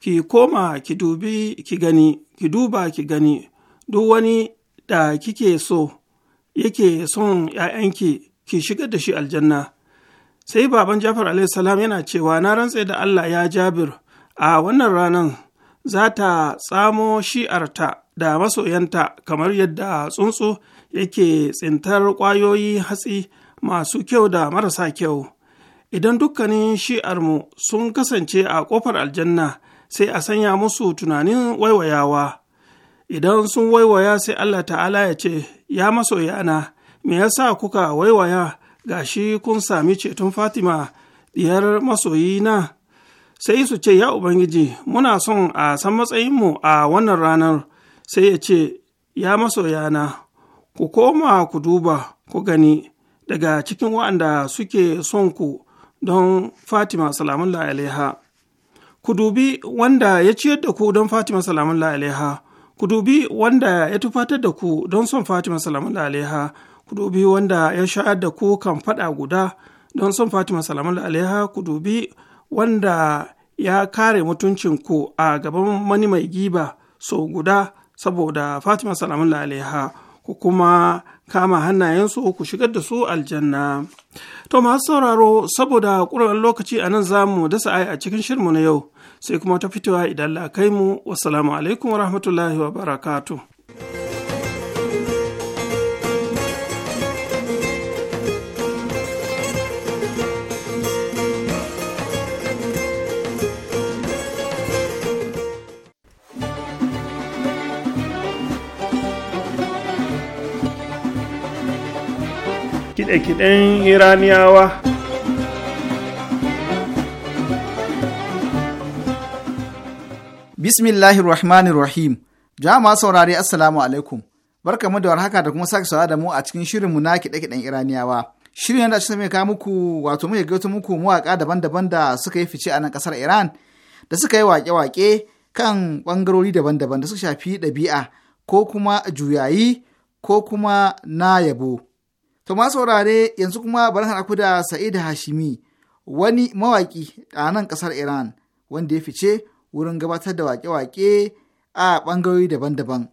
ki koma ki dubi ki gani ki duba ki gani duk wani da kike so yake son ‘ya'yanki ki shigar da shi aljanna sai baban jafar salam yana cewa na rantse da allah ya jabir a wannan ranan za ta tsamo shi'arta da masoyanta kamar yadda tsuntsu yake tsintar ƙwayoyi hatsi masu kyau da marasa kyau idan dukkanin shi'armu sun kasance a ƙofar aljanna sai a sanya musu tunanin waiwayawa idan sun waiwaya sai Allah ta'ala ya ce ya masoyana me yasa kuka waiwaya gashi kun sami ceton Fatima diyar na? sai su ce ya ubangiji muna son a san matsayinmu a wannan ranar sai ya ce ya masoyana ku koma ku duba ku gani daga cikin wa'anda suke son ku don Fatima salamun alaiha. ku dubi wanda ya ciyar da ku don Fatima salamun alaiha ku dubi wanda ya tufatar da ku don son Fatima salamun alaiha ku dubi wanda ya sha'ar da ku kan faɗa guda don son Fatima salamun alaiha ku dubi wanda ya kare mutuncinku a gaban mani mai giba sau guda saboda Fatima salamun alaiha ku kuma kama hannayensu ku shigar da su aljanna. To masu sauraro saboda ƙuran lokaci a nan zamu dasa ai a cikin shirmu na yau sai kuma ta fitowa idan la kai mu wasu alaikum wa rahmatullahi wa barakatuh. kiɗe-kiɗen iraniyawa bismillahir rahmanir rahim jama'a saurare assalamu alaikum barkamu da warhaka da kuma sake saurara da mu a cikin mu na kiɗe-kiɗen iraniyawa shirin yana cikin mai kawo muku wato muke gaito muku mawaƙa daban-daban da suka yi fice a nan ƙasar iran da suka yi waƙe-waƙe kan ɓangarori daban-daban da suka shafi ɗabi'a ko kuma juyayi ko kuma na yabo To ma saurare yanzu kuma bari hana ku da Sa'id Hashimi wani mawaki a nan ƙasar Iran wanda ya fice wurin gabatar da wake-wake a ɓangarori daban-daban.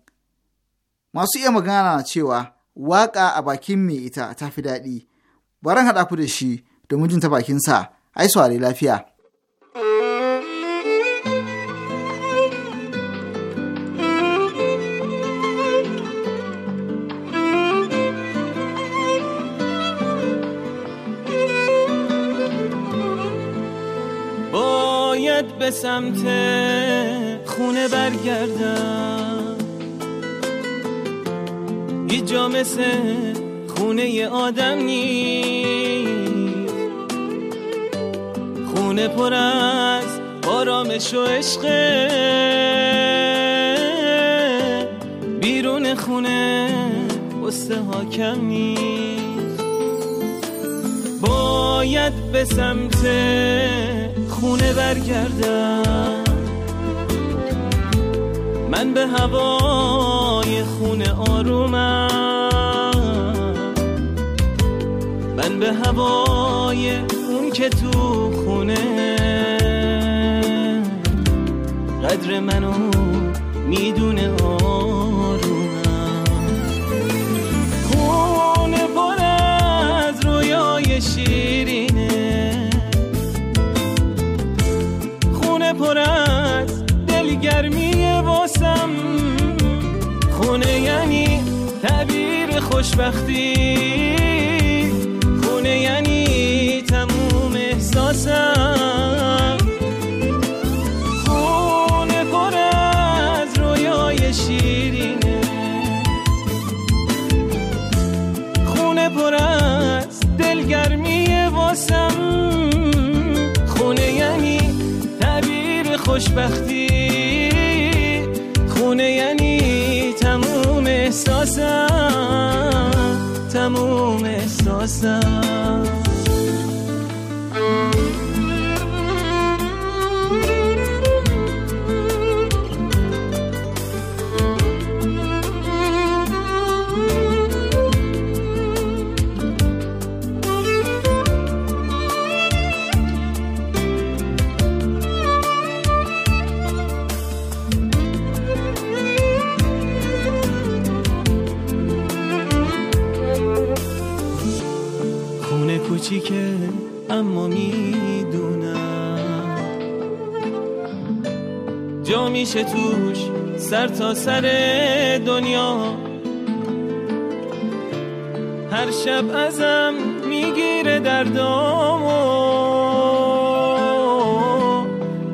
Masu iya magana na cewa waƙa a bakin mai ita ta fi daɗi. Baran haɗa ku da shi domin jin ta bakinsa, ai saurare lafiya. باید به سمت خونه برگردم یه جا مثل خونه آدم نیست خونه پر از آرامش و عشقه بیرون خونه بسته ها کم نیست باید به سمت خونه برگردم من به هوای خونه آرومم من به هوای اون که تو خونه قدر منو میدونه خوشبختی خونه یعنی تموم احساسم خونه پر از رویای شیرینه خونه پر از دلگرمی واسم خونه یعنی تبیر خوشبختی احساسم تموم احساسم اما میدونم جا میشه توش سر تا سر دنیا هر شب ازم میگیره در دردامو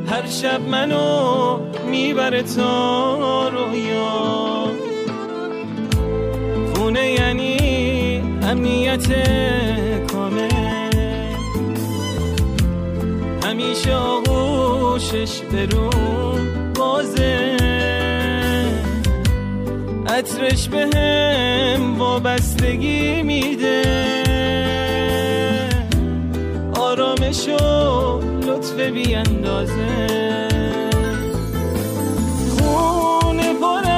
هر شب منو میبره تا رویا خونه یعنی امنیت چش برو بازه عطرش به هم وابستگی میده آرامش و لطف بی اندازه خونه پر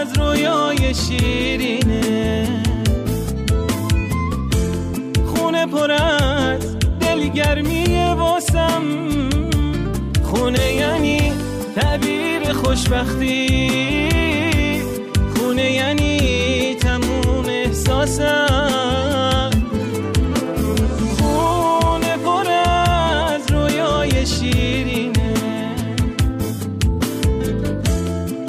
از رویای شیری خوشبختی خونه یعنی تموم احساسم خونه پر از رویای شیرینه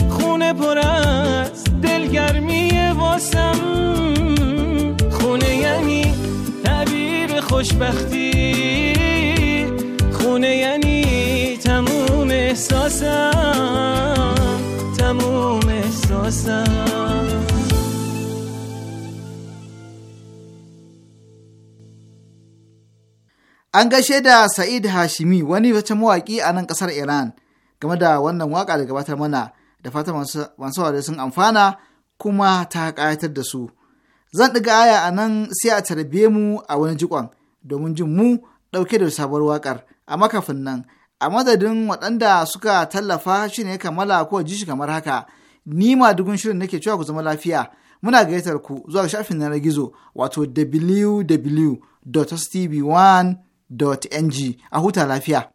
خونه پر از دلگرمی واسم خونه یعنی تعبیر خوشبختی خونه یعنی تموم احساسم An gaishe da Sa'id Hashimi wani wacce mawaƙi a nan ƙasar Iran game da wannan waƙa da gabatar mana da fatan masu saurare sun amfana kuma ta ƙayatar da su. Zan ɗiga aya a nan sai a tarbe mu a wani jikon domin jin mu ɗauke da sabuwar waƙar a makafin nan a madadin waɗanda suka tallafa shi ne kammala ko ji shi kamar haka ni ma dugun shirin nake cewa ku zama lafiya muna gayyatar ku zuwa shafin na gizo wato wwwstv 1ng a huta lafiya.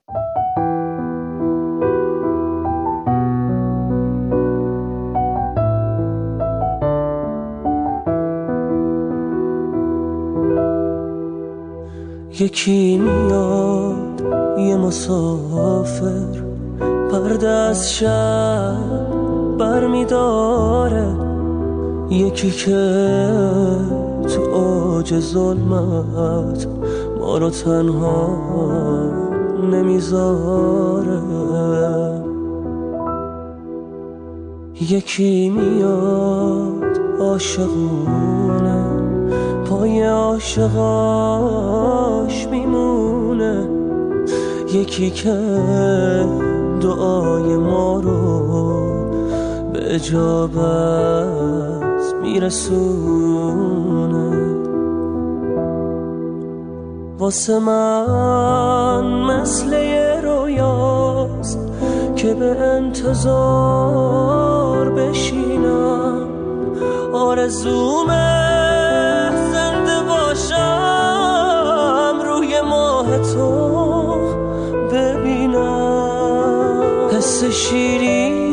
یکی میاد یه مسافر پرده از شب برمیداره یکی که تو آج ظلمت ما رو تنها نمیذاره یکی میاد عاشقونه پای عاشقاش میمونه یکی که دعای ما رو به اجابت میرسونه واسه من مثل یه که به انتظار بشینم آرزوم زنده باشم روی ماه تو ببینم حس شیرین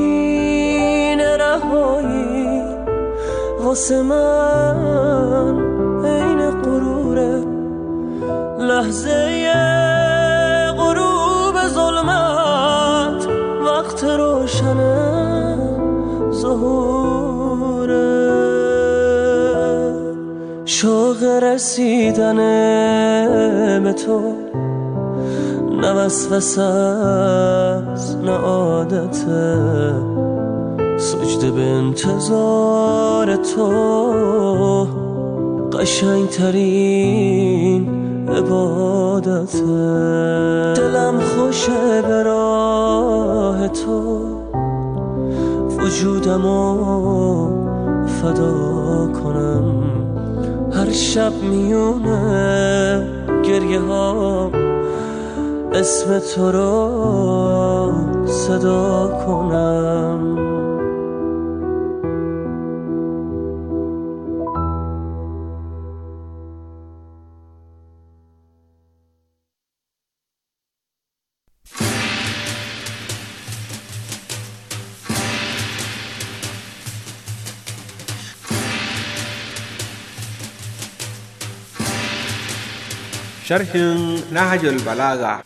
احساس من عین قروره لحظه غروب ظلمت وقت روشن ظهوره شوق رسیدن به تو نه وسوسه نه عادته مژده به انتظار تو قشنگ ترین دلم خوشه به راه تو و فدا کنم هر شب میونه گریه ها اسم تو رو صدا کنم sharhin Nahajul Balaga.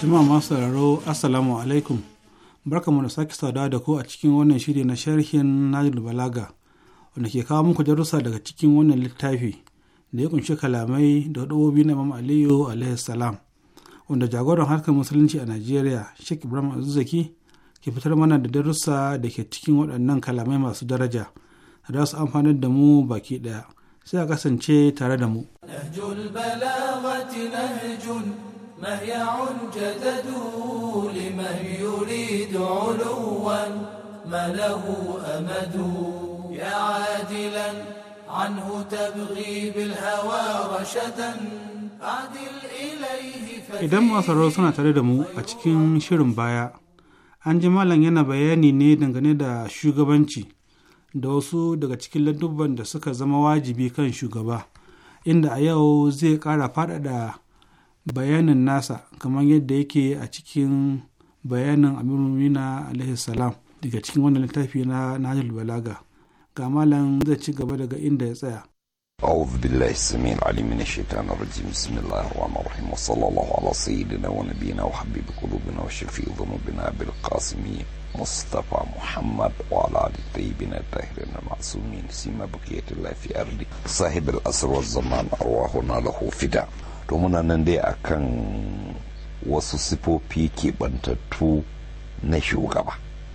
Jama'a masu raro Assalamu alaikum. Barkamu da sake sada da ku a cikin wannan shiri na sharhin Nahajul Balaga wanda ke kawo muku darussa daga cikin wannan littafi da ya kunshi kalamai da hudubobi na Imam Aliyu alaihi salam wanda jagoran harkar musulunci a Najeriya Sheikh Ibrahim Azuzaki ki fitar mana da darussa da ke cikin waɗannan kalamai masu daraja da su amfanar da mu baki ɗaya sai a kasance tare da mu ما له أمد idan masu suna tare da mu a cikin shirin baya an ji malam yana bayani ne dangane da shugabanci da wasu daga cikin ladubban da suka zama wajibi kan shugaba inda a yau zai kara faɗaɗa bayanin nasa kamar yadda yake a cikin bayanin amirumina alaihi daga cikin wannan littafi na nahajul balaga ga malam zai ci gaba daga inda ya tsaya أعوذ بالله السميع العليم من الشيطان الرجيم بسم الله الرحمن الرحيم وصلى الله على سيدنا ونبينا وحبيب قلوبنا وشفيع ذنوبنا بالقاسم مصطفى محمد وعلى آل الطيبين الطاهرين المعصومين سيما بقية الله في أرضي صاحب الأسر والزمان أرواحنا له فداء تومنا نندي أكن وسوسيبو بيكي بنتتو نشو غبا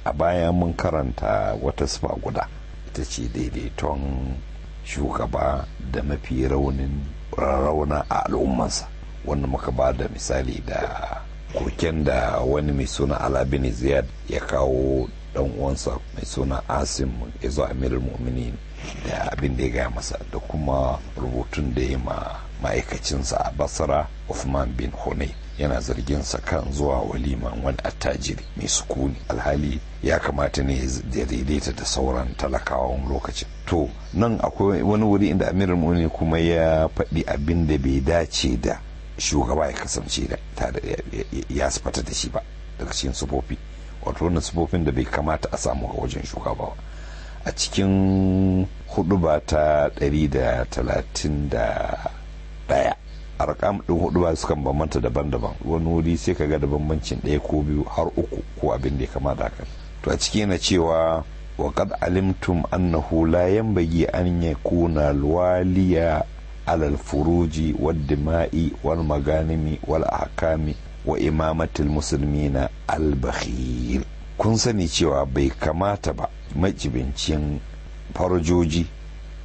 أبايا من كرانتا وتسبا غدا تشي ديدي تون shugaba da mafi raunin rarrauna a al'ummansa wanda muka ba da misali da koken da wani mai suna alabini ziyad ya kawo dan uwansa mai suna asim ya zo amirar mu'minin da abin da ya gaya masa da kuma rubutun da ya ma ma'aikacinsa a basara Uthman bin Hunay yana zargin sa kan zuwa walima wani attajiri mai sukuni alhali ya kamata ne ya daidaita da sauran talakawan lokacin to nan akwai wani wuri inda amirin muni kuma ya faɗi abin da bai dace da shugaba ya kasance da ya sifata da shi ba daga cikin sufofi wato wani sufofin da bai kamata a samu a wajen shugaba ba a cikin hudu ba ta ɗaya. arkam din hudu ba su kan bambanta daban-daban wani wuri sai ka ga da bambancin ɗaya ko biyu har uku ko abin da ya kama da kan to a ciki yana cewa wa qad alimtum annahu la yanbaghi an yakuna alwaliya ala alfuruji wad dima'i wal maganimi wal ahkami wa imamatil muslimina al-bakhil kun sani cewa bai kamata ba majibincin farjoji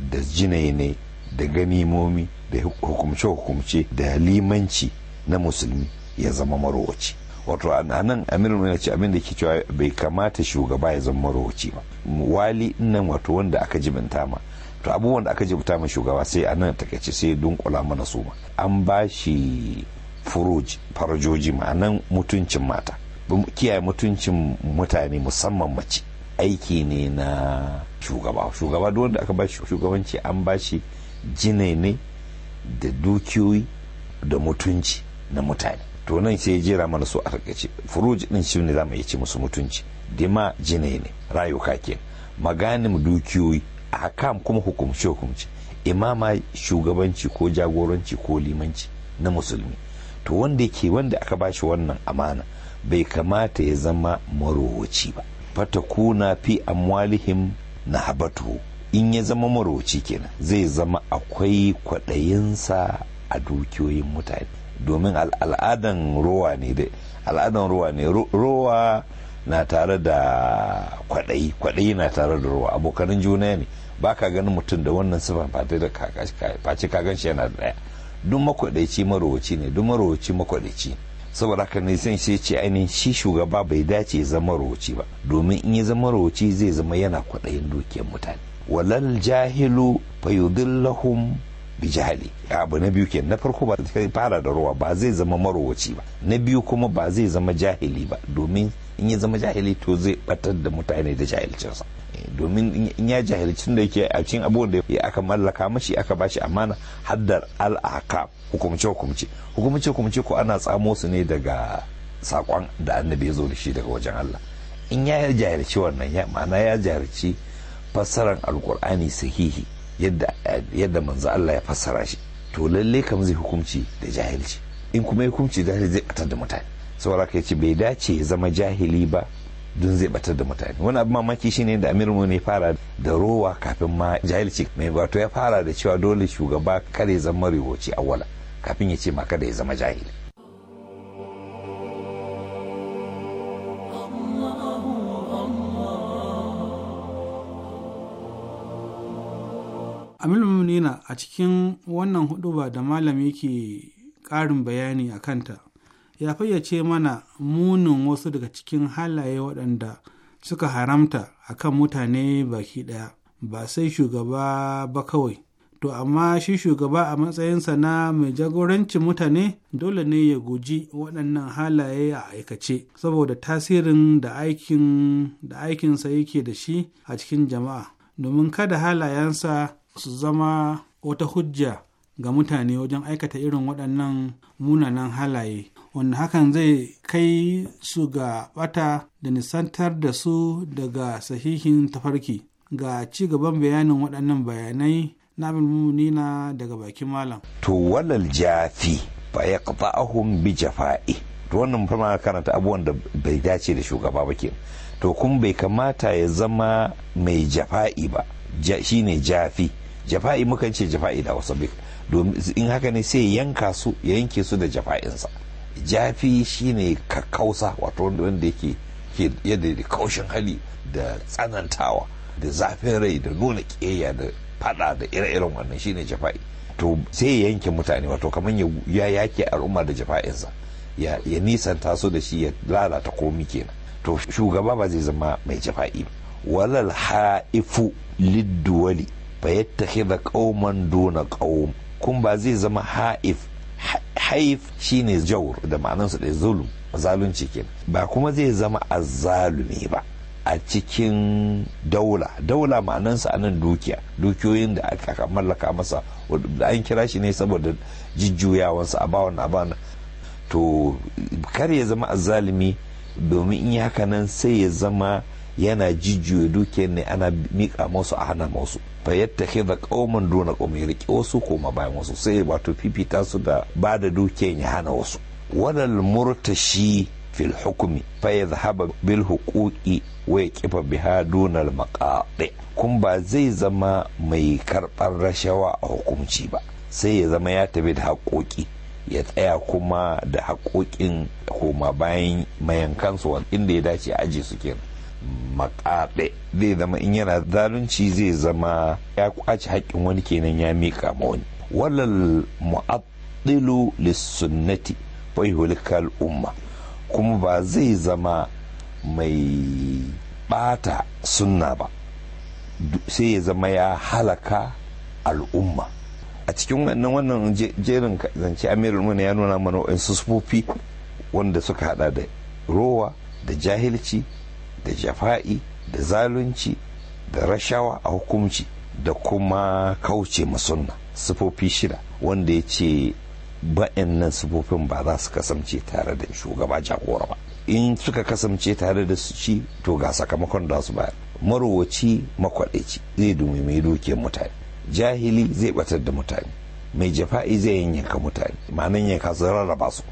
da jinaine da ganimomi da hukumce-hukumce da limanci na musulmi ya zama marowaci wato a nan aminu ya ce abin da ke cewa bai kamata shugaba ya zama marowaci ba wali nan wato wanda aka jibinta ma to abubuwan da aka jibinta ma shugaba sai a nan takaice sai dunkula mana su ma an ba shi farajoji nan mutuncin mata kiyaye mutuncin mutane musamman mace aiki ne na shugaba shugaba duk wanda aka ba shi shugabanci an ba shi jine ne da dukiyoyi da mutunci na mutane to nan sai ya jera mana su a tarkace furuji din shi ne zamu ya ce musu mutunci dima jine ne rayuka ke maganim dukiyoyi ahkam kuma hukumce hukumce imama shugabanci ko jagoranci ko limanci na musulmi to wanda yake wanda aka bashi wannan amana bai kamata ya zama marowaci ba fatakuna fi amwalihim na habatu in ya zama marauci kenan zai zama akwai kwaɗayinsa a dukiyoyin mutane domin al'adan rowa ne dai al'adan rowa ne rowa na tare da kwaɗayi kwaɗayi na tare da rowa abokanin juna ne ba ka ganin mutum da wannan sifa fata da face gan shi yana da ɗaya duk makwaɗaici marowaci ne duk marowaci makwaɗaici saboda haka ne sai sai ce ainihin shi shugaba bai dace zama marowaci ba domin in ya zama marowaci zai zama yana kwaɗayin dukiyar mutane walal jahilu fayudillahum bi jahali abu na biyu ke na farko ba ta fara da ruwa ba zai zama marowaci ba na biyu kuma ba zai zama jahili ba domin in ya zama jahili to zai batar da mutane da jahilcinsa eh, domin in ya jahilcin da yake a cikin abubuwan da ya aka mallaka mashi aka bashi amana haddar al'aka hukumce hukumce hukumce hukumce ko ana tsamo su ne daga sakon da annabi ya zo da shi daga wajen Allah in ya jahilci wannan ya ma'ana ya jahilci fassaran alkur'ani sahihi yadda yadda manzo Allah ya fassara shi to lalle kam zai hukumci da jahilci in kuma ya hukunci da zai batar da mutane saboda ka ce bai dace ya zama jahili ba don zai batar da mutane wani abu mamaki shine da amir mu ne fara da rowa kafin ma jahilci mai wato ya fara da cewa dole shugaba kare zama rihoci awala kafin ya ce ma kada ya zama jahili Munina, a cikin wannan huduba da malam yake ƙarin bayani a kanta ya fayyace mana munin wasu daga cikin halaye waɗanda suka haramta a kan mutane baki ɗaya ba sai shugaba ba kawai to amma shi shugaba a matsayinsa na mai jagorancin mutane dole ne ya guji waɗannan halaye a aikace saboda tasirin da da aikinsa yake da shi a cikin jama'a domin kada halayensa su zama wata hujja ga mutane wajen aikata irin waɗannan munanan halaye wanda hakan zai kai su ga bata da nisantar da su daga sahihin tafarki ga ci gaban bayanin waɗannan bayanai na nina daga bakin malam. To walal jafi ba ya ahun bi jafa'i. To wannan fama karanta abubuwan da bai dace da shugaba ba ke. To kuma bai kamata ya zama mai jafa'i ba. shine jafi jafa'i mukan ce jafa'i da wasabik domin in haka ne sai yanka su ya yanke su da jafa'insa jafi shine kausa wato wanda yake yadda da kaushin hali da tsanantawa da zafin rai da nuna ƙeya da fada da ire-iren wannan shine jafa'i to sai ya yanke mutane wato kamar ya yake al'umma da jafa'insa ya nisanta su da shi ya lalata komi kenan to shugaba ba zai zama mai jafa'i walal ha'ifu lidduwali fa yattakhidha kauman na kaum kun ba zai zama haif haif shine jawr da ma'anarsa da zulum zalunci ke ba kuma zai zama azzalumi ba a cikin daula daula ma'anansa anan dukiya dukiyoyin da aka mallaka masa da an kira shi ne saboda jujjuyawansa a bawan abana to kar ya zama azzalumi domin in yi haka nan sai ya zama yana jijjiyo duke ne ana miƙa masu a hana masu fa yadda ke da kauman dona kuma riƙe wasu koma bayan wasu sai wato fifita su da ba da dukiyar ya hana wasu wadal murtashi fil hukumi fa ya zahaba bil hukuki wa kifa biha duna maƙaɗe kun ba zai zama mai karɓar rashawa a hukumci ba sai ya zama ya tafi da haƙoƙi ya tsaya kuma da haƙoƙin koma bayan mayankansu inda ya dace aji su kenan makaɗe zai zama in yana zalunci zai zama ya kwaci haƙƙin wani kenan ya miƙa ma wani walal mu'addilu lissunnati kal umma kuma ba zai zama mai bata sunna ba sai ya zama ya halaka al'umma a cikin wannan wannan jerin zance amirul muna ya nuna mana wa'in sufofi wanda suka hada da rowa da jahilci da jafa'i da zalunci da rashawa a hukumci da kuma kauce masunna sufofi shida wanda ya ce nan sufofin ba za su kasance tare da shugaba jagora ba in suka kasance tare da su ci to ga sakamakon da su bayar marowaci makwaɗaici zai dumi mai dukiyar mutane jahili zai batar da mutane mai jafa'i zai yanka mutane ma'anan yanka su rarraba su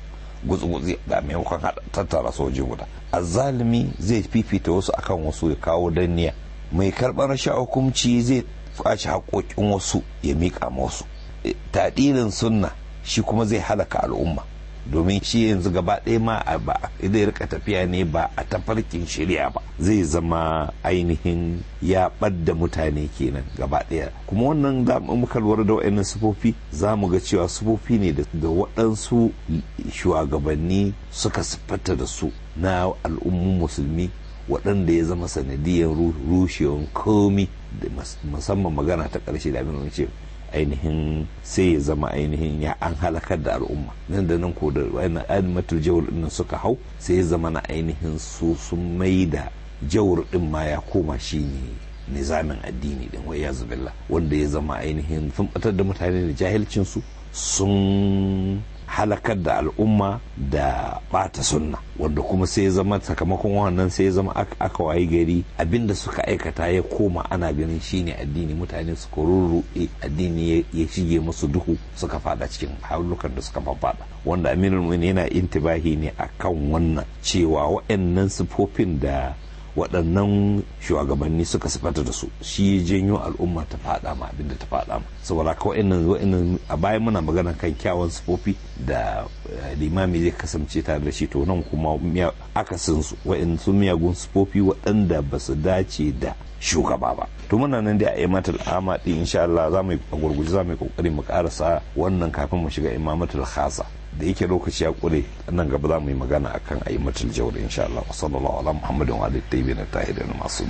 gutsi-gutsi da maimakon tattara soji guda azzalumi zai fifita wasu akan wasu ya kawo danniya mai karɓar sha hukunci zai kwace haƙoƙin wasu ya miƙa ma wasu eh, tadilin sunna shi kuma zai halaka al'umma domin shi yanzu gaba ɗaya ma ba idan rika tafiya ne ba a tafarkin shirya ba zai zama ainihin ya ɓadda mutane kenan gaba ɗaya kuma wannan da muka lura da wa'annan sufofi za mu ga cewa sufofi ne da waɗansu shugabanni suka siffata da su na al'ummun musulmi waɗanda ya zama sanadiyar rushewar komi musamman magana ta ƙarshe da abin ce ainihin sai ya zama ainihin ya an halakar da al'umma nan da nan ko da alimatul jawar din suka hau sai ya zama na ainihin su sun mai da jawar din ma ya koma shi ne nizamin addini din wai yazubilla wanda ya zama ainihin sun batar da mutane da jahilcinsu sun halakar da al'umma da bata sunna wanda kuma sai zama sakamakon wannan sai zama aka wayi gari abinda suka aikata ya koma ana ganin shine addini mutane su kururu addini ya shige musu duhu suka fada cikin halukan da suka fada wanda aminu mu yana intibahi ne akan wannan cewa waɗannan siffofin da waɗannan shugabanni suka sifata da su shi ya janyo al'umma ta faɗa ma abin da ta faɗa ma saboda haka wa'annan a bayan muna magana kan kyawun sufofi da eh, limami zai kasance tare da shi to nan kuma aka sun su wa'in su miyagun sufofi waɗanda ba su dace da shugaba ba to muna nan dai a imamatul amadi insha Allah za mu yi gurguje za mu yi kokari mu karasa wannan kafin mu shiga imamatul khasa da yake lokaci ya kure nan gaba za mu yi magana akan ayi matul jawar insha Allah sallallahu alaihi muhammadin wa alihi tayyibin tahirin masu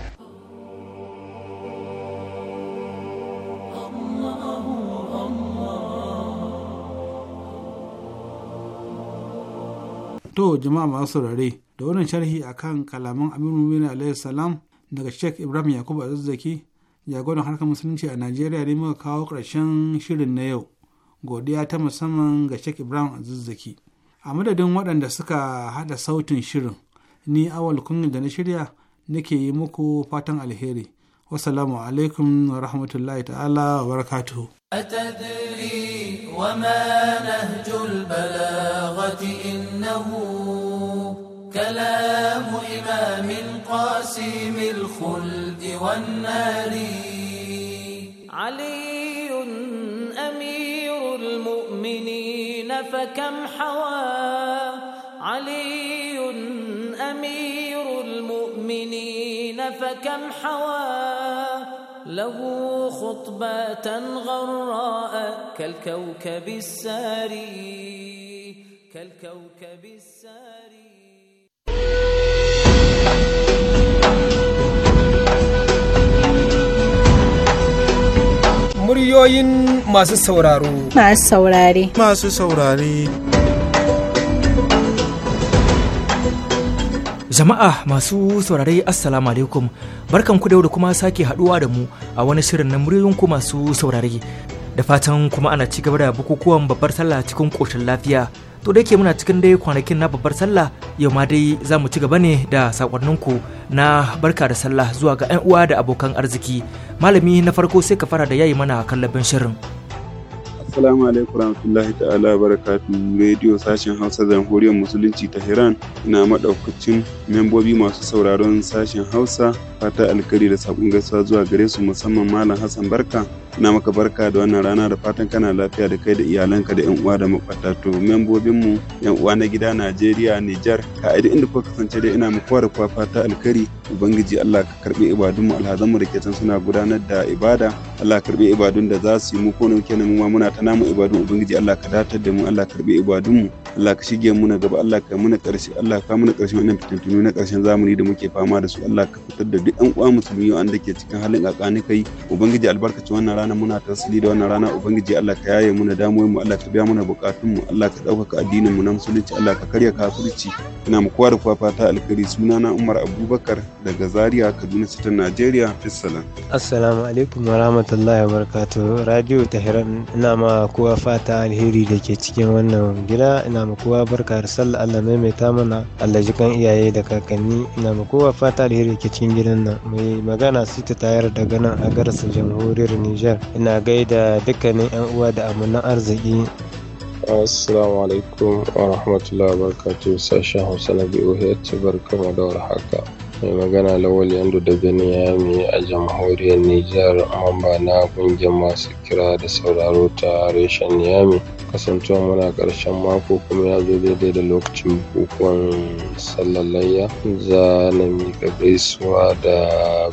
To jama'a masu saurare da wannan sharhi akan kalaman Aminu Muminu alaihi salam daga Sheikh Ibrahim Yakubu zazzaki jagoran harkar musulunci a Najeriya ne muka kawo ƙarshen shirin na yau. godiya ta musamman ga Sheikh Ibrahim Azizzaki. A madadin waɗanda suka haɗa sautin shirin, ni awal kunyar da na shirya nake yi muku fatan alheri. Wasalamu alaikum wa rahmatullahi ta'ala wa barakatuhu. أتدري وما نهج البلاغة إنه كلام إمام قاسم الخلد والنار علي فكم حوى علي أمير المؤمنين فكم حوى له خطبة غراء كالكوكب الساري كالكوكب الساري muryoyin masu sauraro. Masu saurare. Masu saurare. Jama'a masu saurare Assalamu alaikum barkan ku da kuma sake haduwa da mu a wani shirin na muryoyin ku masu saurare da fatan kuma ana ci gaba da bukukuwan babbar sallah cikin koshin lafiya. to da yake muna cikin dai kwanakin na babbar sallah yau ma dai za mu ci gaba ne da sakonninku na barka da sallah zuwa ga 'yan uwa da abokan arziki malami na farko sai ka fara da yayi mana kallabin shirin Assalamu alaikum warahmatullahi ta'ala barakatu Radio sashen Hausa Jamhuriyar Musulunci ta Iran ina madaukacin membobi masu sauraron sashen Hausa fata alkari da sabon gaisuwa zuwa gare su musamman Malam Hassan Barka ina maka barka da wannan rana da fatan kana lafiya da kai da iyalanka da yan uwa da makwabta to membobin mu yan uwa na gida Najeriya Niger ka aidi inda kuka kasance dai ina muku da fata alkari ubangiji Allah ka karbi ibadunmu mu alhazan mu da ke can suna gudanar da ibada Allah karbi ibadun da za su yi mu ko ne kenan mu muna ta namu ibadun ubangiji Allah ka datar da mu Allah karbe ibadun mu Allah ka shige mu na gaba Allah ka muna karshe Allah ka muna karshen wannan fitintunu na karshen zamani da muke fama da su Allah ka fitar da duk ɗan uwa musulmi wanda ke cikin halin kakani kai ubangiji albarkaci, wannan rana muna tasiri da wannan rana ubangiji Allah ka yaye muna damuwar mu Allah ka biya muna bukatun mu Allah ka ɗaukaka addinin mu na musulunci Allah ka karya kafirci ina mu kowa da kowa fata alkhairi sunana Umar Abubakar daga Zaria Kaduna City Najeriya Assalamu alaikum wa rahmatullahi barkatu radio tahiran ina ma kowa fata alheri da ke cikin wannan gida ina ma kowa barka da sallah Allah maimaita mana Allah jikan iyaye da kakanni ina ma kowa fata alheri da ke cikin gidan nan mai magana su ta tayar da nan a garsa jamhuriyar Nijar ina gaida dukkanin yan uwa da amanan arziki Assalamu alaikum wa rahmatullahi wa barakatuh sashen Hausa na BOH barkamu da warhaka. mai magana lawal yando daga niyami a jamhuriyar nijar mamba na kungiyar masu kira da sauraro ta reshen niyami kasancewa muna karshen mako kuma ya zo daidai da lokacin bukukuwan sallallayya za na mika gaisuwa da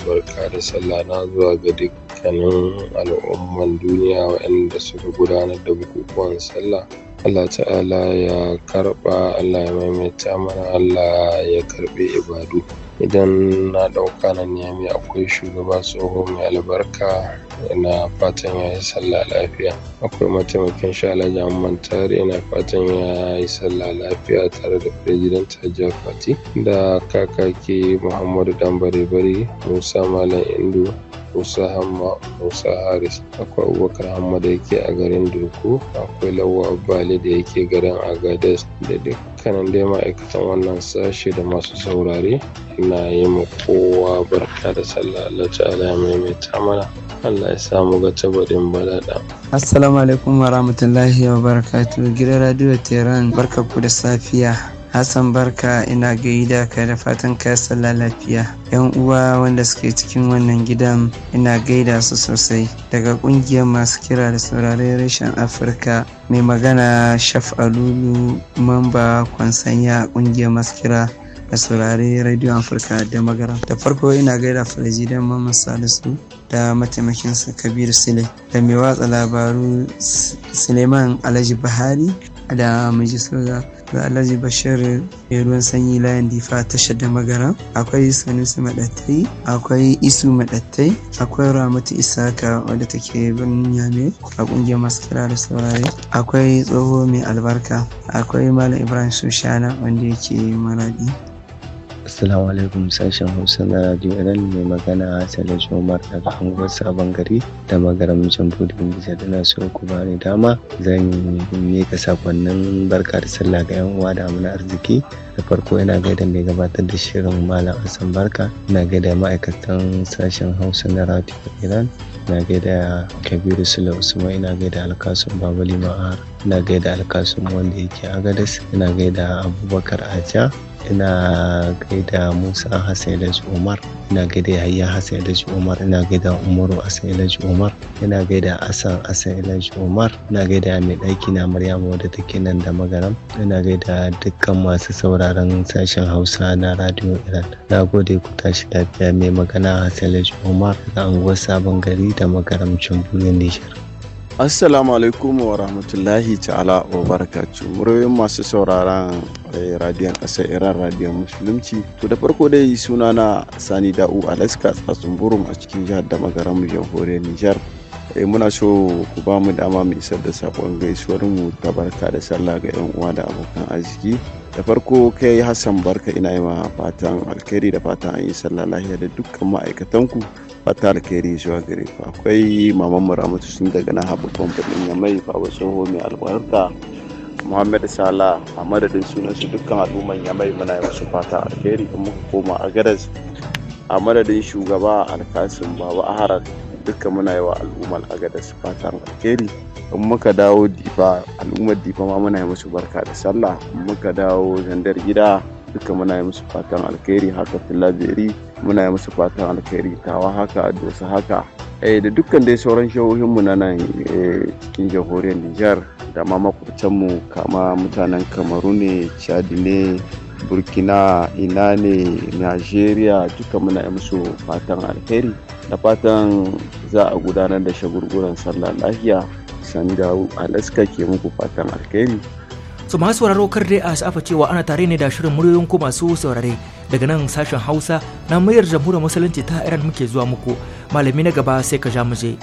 barka da sallah na zuwa ga dukkanin al'umman duniya waɗanda suka gudanar da bukukuwan sallah Allah ta'ala ya karɓa Allah ya maimaita mana Allah ya karɓi ibadu idan na ɗauka na niyami akwai shugaba tsoho mai albarka ina fatan ya yi sallah lafiya akwai mataimakin shalaji amman tare ina fatan ya yi sallah lafiya tare da firijidan tajiyar fati da kakaki muhammadu dan bare musa malam indu Musa Hamma Musa Haris akwai Abubakar Hamma da yake a garin Durku akwai Lawa Abbali da yake garin Agadez. da dukkanin dai ma'aikatan wannan sashe da masu saurare ina yi mu kowa barka da sallah Allah ta'ala mai mai tamana Allah ya samu ga tabadin balada Assalamu alaikum wa rahmatullahi wa barakatuh gidan radio Tehran barka ku da safiya Hassan barka ina gaida ka da fatan ka sallah lafiya. Yan uwa wanda suke cikin wannan gidan ina gaida su sosai. Daga kungiyar masu kira da saurare reshen Afirka mai magana Shaf Alulu mamba kwansanya kungiyar masu kira da saurare Radio Afirka da magara. Da farko ina gaida Firajidan Mamman Salisu da mataimakinsa Kabiru Sule da mai watsa labaru Suleiman Alhaji Buhari? da miji soja da alhaji bashir mai ruwan sanyi layin difa tashar da magara akwai sanusi madattai akwai isu madattai akwai ramatu isaka wadda take birnin yame a kungiyar masu kira da saurare akwai tsoho mai albarka akwai malam ibrahim sushana wanda yake maradi Assalamu alaikum sashen Hausa na Radio Iran mai magana Hassan Umar daga Angon Sabon Gari da magaram Jamhuriyar Nijar tana so ku ni dama zan yi ka sakonnin barka da sallah ga yan uwa da amana arziki da farko yana gaida mai gabatar da shirin Malam Hassan Barka ina gaida ma'aikatan sashen Hausa na Radio Iran ina gaida Kabiru Sula Usman ina gaida Alkasum Babali Ma'ar ina gaida Alkasum wanda yake Agadas ina gaida Abubakar Aja ina gaida musa hassan da umar ina gaida yahaya hassan da umar ina gaida umaru hassan da umar ina gaida asan hassan da umar ina gaida mai ɗaki na Maryamu wadda take nan da magaram ina gaida dukkan masu sauraron sashen hausa na radio iran na gode ku tashi lafiya mai magana hassan da umar daga unguwar sabon gari da magaram cin nijar Assalamu alaikum wa rahmatullahi ta'ala wa barakatu. Muryoyin masu sauraron eh, radiyon ƙasar Iran radiyon Musulunci. To da farko dai suna na Sani Da'u Alaska a burum a cikin jihar da magaran mu jamhuriyar Nijar. Eh muna so ku ba mu dama mu isar da sakon gaisuwar mu ta barka da sallah ga yan uwa da abokan arziki. Da farko kai Hassan barka ina yi ma fatan alkhairi da fatan an yi sallah lahiya da dukkan ma'aikatanku. ku. fata alkhairi zuwa gare ku akwai maman muramatu sun daga na haɓu kwamfanin ya mai baba tsoho mai albarka muhammad sala a madadin sunan su dukkan al'umman ya mai muna yi masu fata alkhairi in muka koma a garas a madadin shugaba alkasin Babu aharar dukkan muna yi wa al'ummar su fatan alkhairi in muka dawo difa al'ummar difa ma muna yi musu barka da sallah in muka dawo zandar gida dukkan muna yi musu fatan alkhairi haka filaberi muna yi musu fatan alkhairi tawa haka dosa haka eh, da dukkan dai sauran shahohinmu na nan eh, cikin jamhuriyar nijar da ma mu kama mutanen kamaru ne chadi ne burkina ina ne nigeria duka muna yi musu fatan alkhairi da fatan za a gudanar da shagurguran sallah lafiya sanda alaska ke muku fatan alkhairi su masu sauraro kar dai a safa cewa ana tare ne da shirin muryoyin ku masu saurare daga nan sashen hausa na mayar jamhuriyar musulunci ta iran muke zuwa muku malami na gaba sai ka ja mu je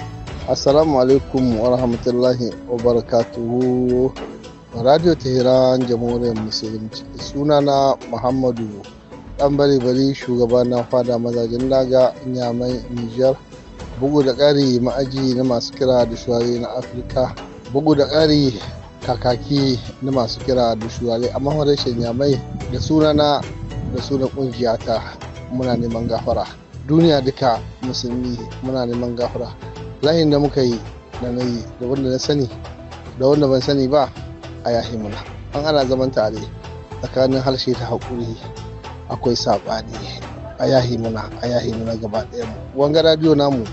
assalamu alaikum wa rahmatullahi wa barakatuhu radio tehran jamhuriyar musulunci sunana muhammadu dan bari-bari shugaba na fada mazajen daga nyamai nijar bugu da ƙari ma'aji na masu kira da shuwari na afirka bugu da ƙari kakaki na masu kira da shuwari a maharashin nyamai da sunana da sunan da ƙungiyata muna neman gafara duniya duka musulmi muna neman gafara layin da muka yi da na yi da wanda na sani da wanda ban sani ba a yahi muna an ana zaman tare tsakanin harshe ta haƙuri akwai saɓani a yahi muna a yahi muna gaba ɗaya mu wanga radio namu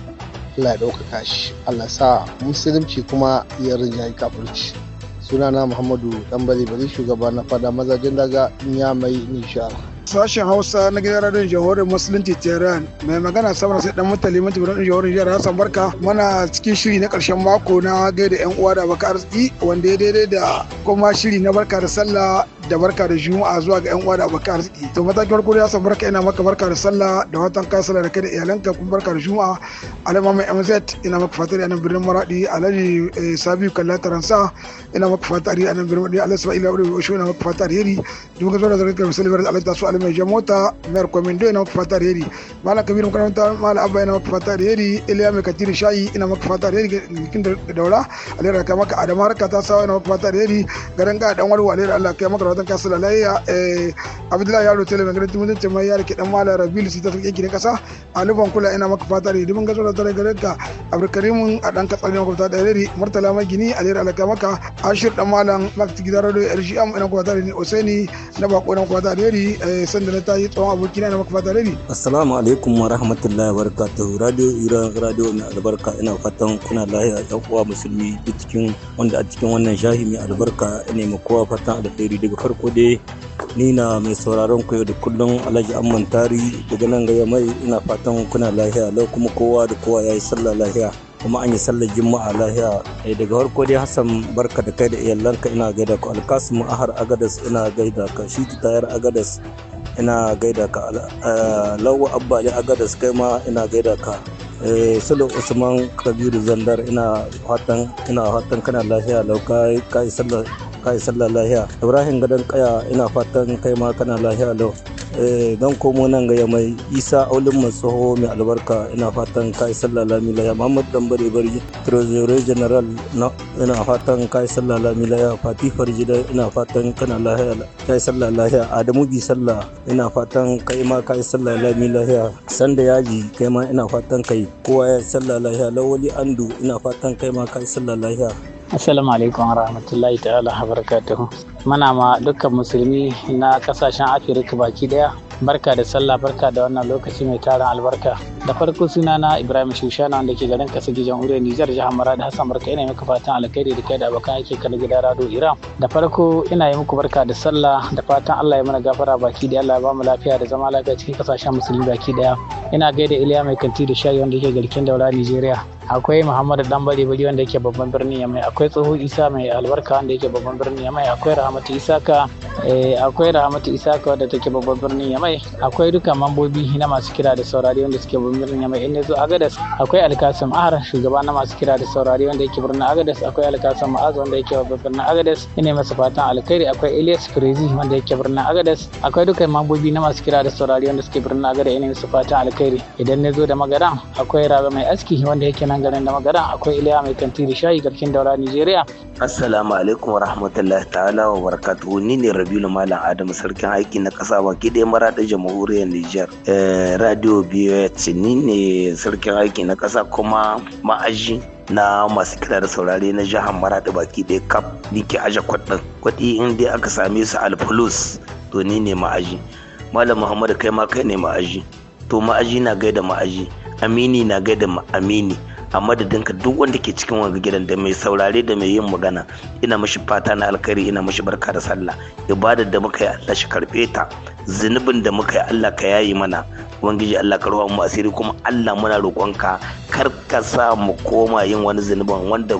Allah ya ɗaukaka shi Allah sa musulunci kuma ya yi kafirci sunana muhammadu ɗan bari shugaba na fada mazajen daga ya mai nishara. Sashen Hausa na gidan radiyon jihohin Musulunci Tehran mai magana saboda sai dan mutali mutum radiyon jihohin jihar Hassan Barka muna cikin shiri na karshen mako na gaida yan uwa da baka arziki wanda ya daidai da kuma shiri na barka da sallah da barka da juma'a zuwa ga yan uwa da abokan arziki to matakin farko ya san Barka ina maka barka da sallah da watan kasala da kai da iyalanka kuma barka da juma'a alama mai MZ ina maka fatar yana birnin Maradi Alhaji eh, Sabiu Kalla Taransa ina maka fatar yana birnin Maradi Alhaji Ismail Abdul Osho ina maka fatar yeri duk ga zuwa da zaka misalin Allah ta so alhaji mai jamota mayar kwamin do ina maka fata alheri malam kabir makaranta mala abba na maka fata alheri iliya mai katiri shayi ina maka fata alheri gikin daura alheri kai maka adama harka ta sawa na maka fata alheri garin ga dan warwa alheri allah kai maka rawatan kasu lalaya eh, abdullahi yaro tele mai garin tumunin ce mai yare ke dan mala rabilu su ta fi yankin kasa alufan kula ina maka fata alheri dubin gaso da tare garin ka abdulkarimin a dan katsari maka da alheri murtala mai gini ale allah kai maka ashir dan malam makti gidan rado rgm ina maka fata alheri oseni na bako ina maka fata da na tashi tsawon abokina na maka fata rabi assalamu alaikum wa rahmatullahi wa barakatuhu radio iran radio mai albarka ina fatan kuna lahiya ɗan uwa musulmi duk cikin wanda a cikin wannan shahi mai albarka ne ma kowa fatan alheri daga farko dai ni na mai sauraron ku yau da kullum alhaji amman tari daga nan gaya mai ina fatan kuna lahiya lau kuma kowa da kowa ya yi sallah lahiya kuma an yi sallar juma'a lahiya eh daga farko dai hassan barka da kai da iyalanka ina gaida ku alkasimu ahar agadas ina gaida ka shi tayar agadas ina gaida ka eh, lawa abba ya aga da kai ma ina gaida ka eh, sulu usman kabiru zandar ina fatan ina fatan kana lafiya lau ka yi sallah lahiya ibrahim gadon kaya ina fatan kai ma kana lahiya lau Eh, dan komo nan gaya mai isa aulin matsoho mai albarka ina fatan kai sallah lamilaya muhammad dambare bari trezore general ina fatan kai sallah lamilaya fatih farjida ina fatan kana lahiya kai sallah lahiya adamu bi sallah ina fatan kai ma kai sallah lamilaya sanda yaji kai ma ina fatan kai kowa ya sallah lahiya lawali andu ina fatan kai ma kai sallah lahiya Assalamu alaikum rahmatullahi ta'ala barakatuhu. mana ma dukkan musulmi na kasashen Afirka baki daya barka da sallah barka da wannan lokaci mai tarin albarka da farko suna na ibrahim shushana wanda ke garin kasa gijan uriyar nijar jihar da hassan barka ina muku fatan alkhairi da kai da abokan ake kan gida rado iran da farko ina yi muku barka da sallah da fatan allah ya mana gafara baki da allah ya mu lafiya da zama lafiya cikin kasashen musulmi baki daya ina gaida iliya mai kanti da shayi wanda yake garkin daura nigeria akwai muhammadu dan bari bari wanda yake babban birni yamai akwai tsoho isa mai albarka wanda yake babban birnin yamai akwai rahmatu isaka eh, akwai rahmatu isaka wanda take babban birni yamai mai akwai duka mambobi na masu kira da saurari wanda suke birnin mai inda zo agadas akwai alkasim ahar shugaba na masu kira da saurari wanda yake birnin agadas akwai alkasim ma'az wanda yake birnin agadas ina masa fatan alkhairi akwai elias crazy wanda yake birnin agadas akwai duka mambobi na masu kira da saurari wanda suke birnin agadas ina masa fatan alkhairi idan na zo da magaran akwai rabe mai aski wanda yake nan garin da magaran akwai iliya mai kanti da shayi garkin daura nigeria assalamu alaikum wa rahmatullahi ta'ala wa barakatuhu ni ne rabiul malam adamu sarkin aiki na kasa baki da mara maraɗi jamhuriyar Nijar. Eh, Radio BOH ni ne sarkin aiki na ƙasa kuma ma'aji na masu kira da saurare na jihar maraɗi baki ɗaya kaf nike aje kwaɗin kwaɗi in dai aka same su alfulus to ni ne ma'aji malam muhammadu kai ma kai ne ma'aji to ma'aji na gaida ma'aji amini na gaida amini a madadinka duk wanda ke cikin wani gidan da mai saurare da mai yin magana ina mashi fata na alkhairi ina mashi barka da sallah ibadar da muka yi Allah shi karfe ta zunubin da muka yi Allah ka yayi mana ubangiji Allah ka ruwa mu asiri kuma Allah muna roƙonka kar ka sa mu koma yin wani zunubin wanda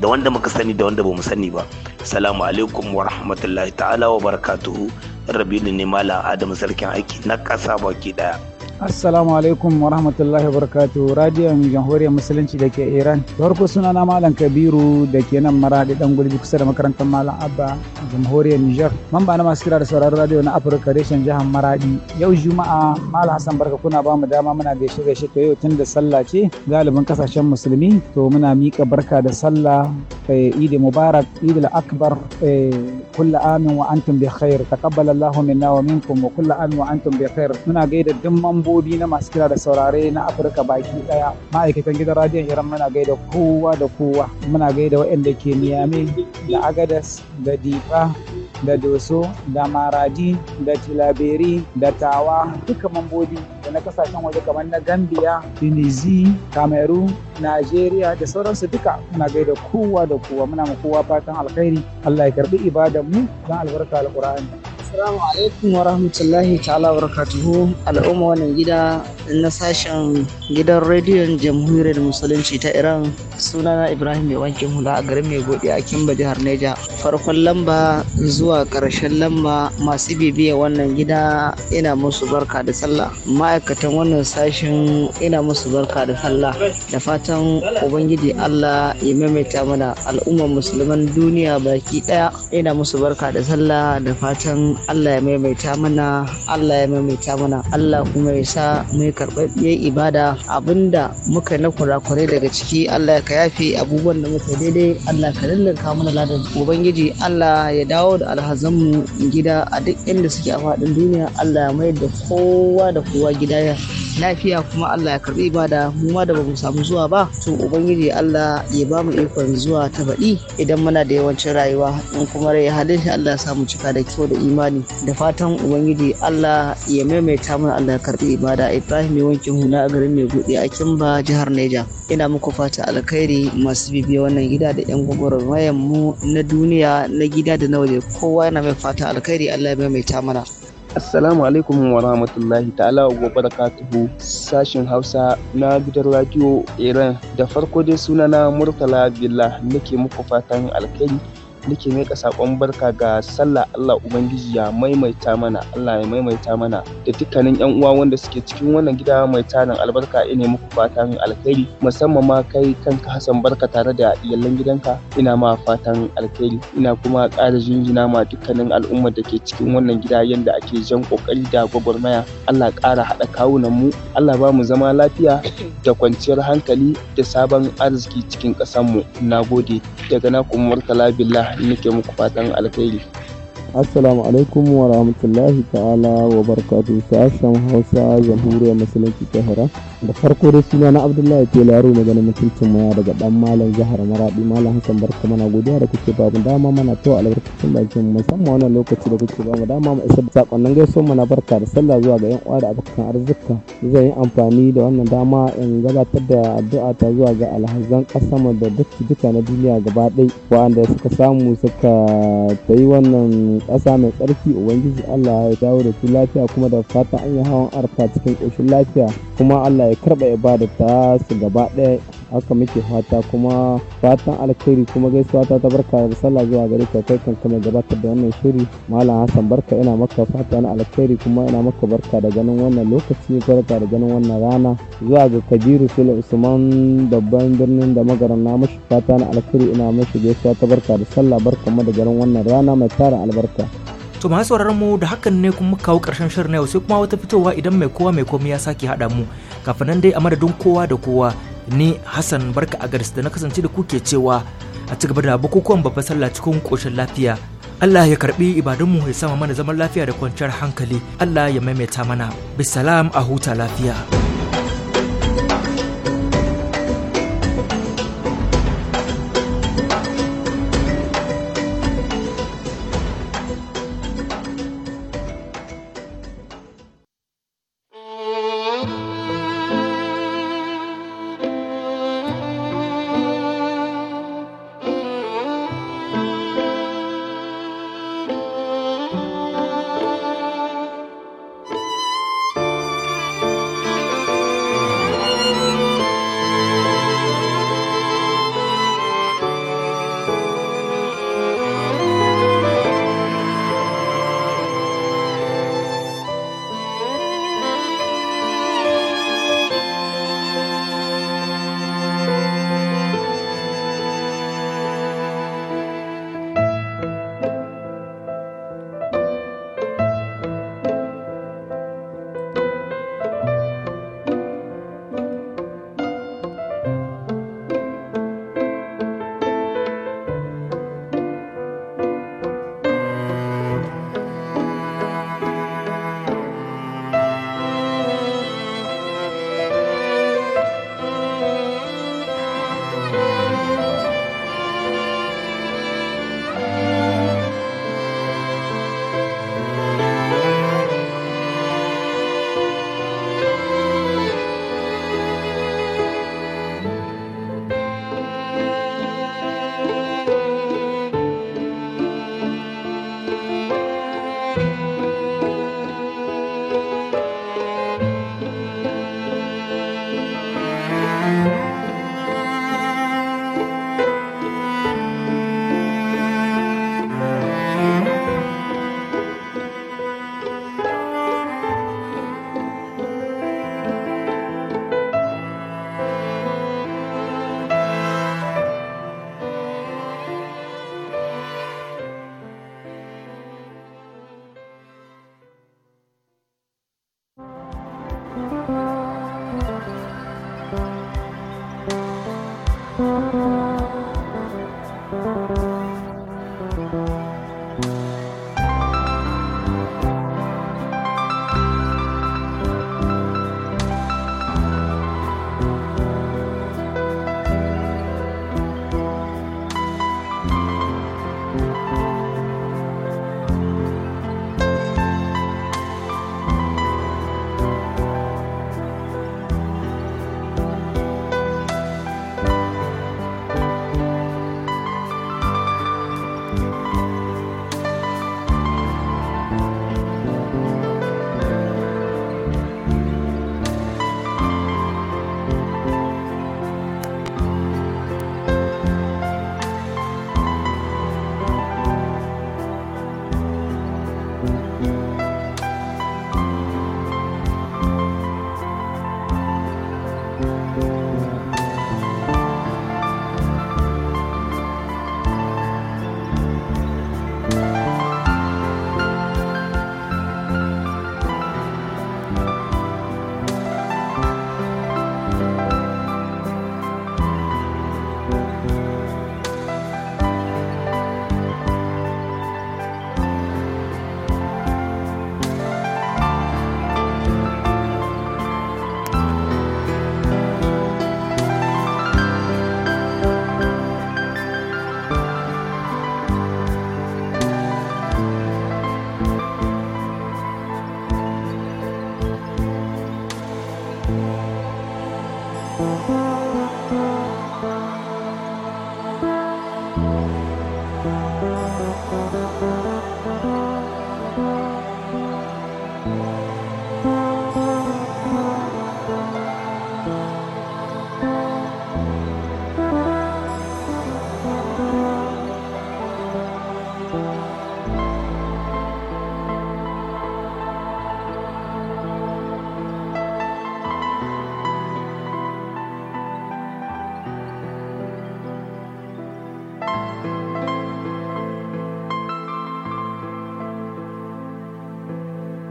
da wanda muka sani da wanda bamu sani ba Salamu alaikum wa rahmatullahi ta'ala wa barakatuhu rabbi ne mala adam sarkin aiki na kasa baki daya Assalamu alaikum wa rahmatullahi barakatu radiyon jamhuriyar musulunci da ke Iran. Da farko suna na Malam Kabiru da ke nan maradi dan gulbi kusa da makarantar Malam Abba jamhuriyar Nijar. Mamba na masu kira da sauraron radio na Afirka reshen jihar Maradi. Yau Juma'a Malam Hassan Barka kuna ba mu dama muna gaishe gaishe to yau tun da sallah ce galibin kasashen musulmi to muna mika barka da sallah eh, Eid Mubarak Eid Akbar kula eh, amin wa antum bi khair taqabbalallahu minna wa minkum wa kula amin wa antum bi khair muna gaida dukkan mambobi na masu kira da saurare na Afirka baki daya. Ma'aikatan gidan radiyon Iran muna gaida kowa da kowa. Muna gaida waɗanda ke Miami, da Agadas da Difa da Doso da Maradi da Tilaberi da Tawa duka mambobi da na kasashen waje kamar na Gambia, Tunisia, Cameroon, Najeriya da sauransu duka muna gaida kowa da kowa muna ma kowa fatan alkhairi Allah ya karbi ibadar mu don albarka alkur'ani Assalamu alaikum wa rahmatullahi ta'ala wa rakatuhu al'umma wannan gida na sashen gidan rediyon jamhuriyar musulunci ta Iran sunana Ibrahim mai wankin hula a garin mai godi a Kimba jihar Neja farkon lamba zuwa karshen lamba masu bibiya wannan gida ina musu barka da sallah ma'aikatan wannan sashen ina musu barka da sallah da fatan ubangiji Allah ya maimaita mana al'umma musulman duniya baki daya ina musu barka da sallah da fatan Allah ya maimaita mana Allah ya maimaita mana Allah kuma ya sa mai karɓaɓɓiyar ibada abinda muka na kurakure daga ciki Allah ya yafe abubuwan da muka daidai Allah ka lallaka mana ladan ubangiji Allah ya dawo da alhazanmu gida a duk inda suke a faɗin duniya Allah ya mai da kowa da kowa gida ya lafiya kuma Allah ya karbi ibada mu ma da bamu samu zuwa ba to ubangiji Allah ya ba mu ikon zuwa ta baɗi idan muna da yawancin rayuwa in kuma rai halin Allah ya samu cika da kyau da imani da fatan ubangiji Allah ya maimaita mana Allah ya karbi ibada Ibrahim ya wanke huna a garin Maigudi a Kimba jihar Neja ina muku fata alkhairi masu bibiya wannan gida da yan wayan mu na duniya na gida da na waje kowa yana mai fata alkhairi Allah ya maimaita mana Assalamu alaikum wa rahmatullahi ta'ala wa barakatuhu sashin Hausa na gidan radio Iran da farko dai sunana Murtala Billah nake muku fatan alkhairi muke miƙa saƙon barka ga sallah Allah Ubangiji ya maimaita mana Allah ya maimaita mana da dukkanin yan uwa wanda suke cikin wannan gida mai tarin albarka ina muku fatan alkhairi musamman ma kai kanka Hassan barka tare da iyalan gidanka ina ma fatan alkhairi ina kuma ƙara jinjina ma dukkanin al'ummar da ke cikin wannan gida yanda ake jan kokari da gwagwarmaya Allah ƙara haɗa kawunan mu Allah ba mu zama lafiya da kwanciyar hankali da sabon arziki cikin ƙasar mu nagode daga na kuma Murtala Billah nake muku fatan alkhairi assalamu alaikum wa rahmatullahi ta'ala wa barakatu sashen hausa jamhuriyar musulunci tahira da farko da suna na abdullahi ke laro na ganin mutuncin maya daga dan malam jihar maradi malam hassan barka mana godiya da kuke babu dama mana to albarkacin bakin musamman wannan lokaci da kuke bamu dama mu isa sakonnin gaisuwa mana barka da sallah zuwa ga yan uwa da abokan arzika zan yi amfani da wannan dama in gabatar da addu'a ta zuwa ga alhazan kasama da dukki duka na duniya gaba ɗaya wa'anda suka samu suka ta yi wannan ƙasa mai tsarki ubangiji Allah ya dawo da su lafiya kuma da fata an yi hawan arfa cikin ƙoshin lafiya kuma Allah ya karɓa ibadar ta su gaba ɗaya haka muke fata kuma fatan alkhairi kuma gaisuwa ta ta barka da sallah zuwa gare ka kai kanka mai gabatar da wannan shiri malam hassan barka ina maka fata na alkhairi kuma ina maka barka da ganin wannan lokaci barka da ganin wannan rana zuwa ga kabiru sule usman babban birnin da magaran na mashi fata na alkhairi ina mashi gaisuwa ta barka da sallah barka da ganin wannan rana mai tara albarka To masu sauraron mu da hakan ne kuma kawo karshen shirin na yau sai kuma wata fitowa idan mai kowa mai komai ya sake haɗa mu. Kafin nan dai a madadin kowa da kowa ni Hassan Barka a garis da na kasance da kuke cewa a ci gaba da bukukuwan babbar sallah cikin koshin lafiya. Allah ya karbi ibadunmu ya sama mana zaman lafiya da kwanciyar hankali. Allah ya maimaita mana. Bisalam a huta lafiya.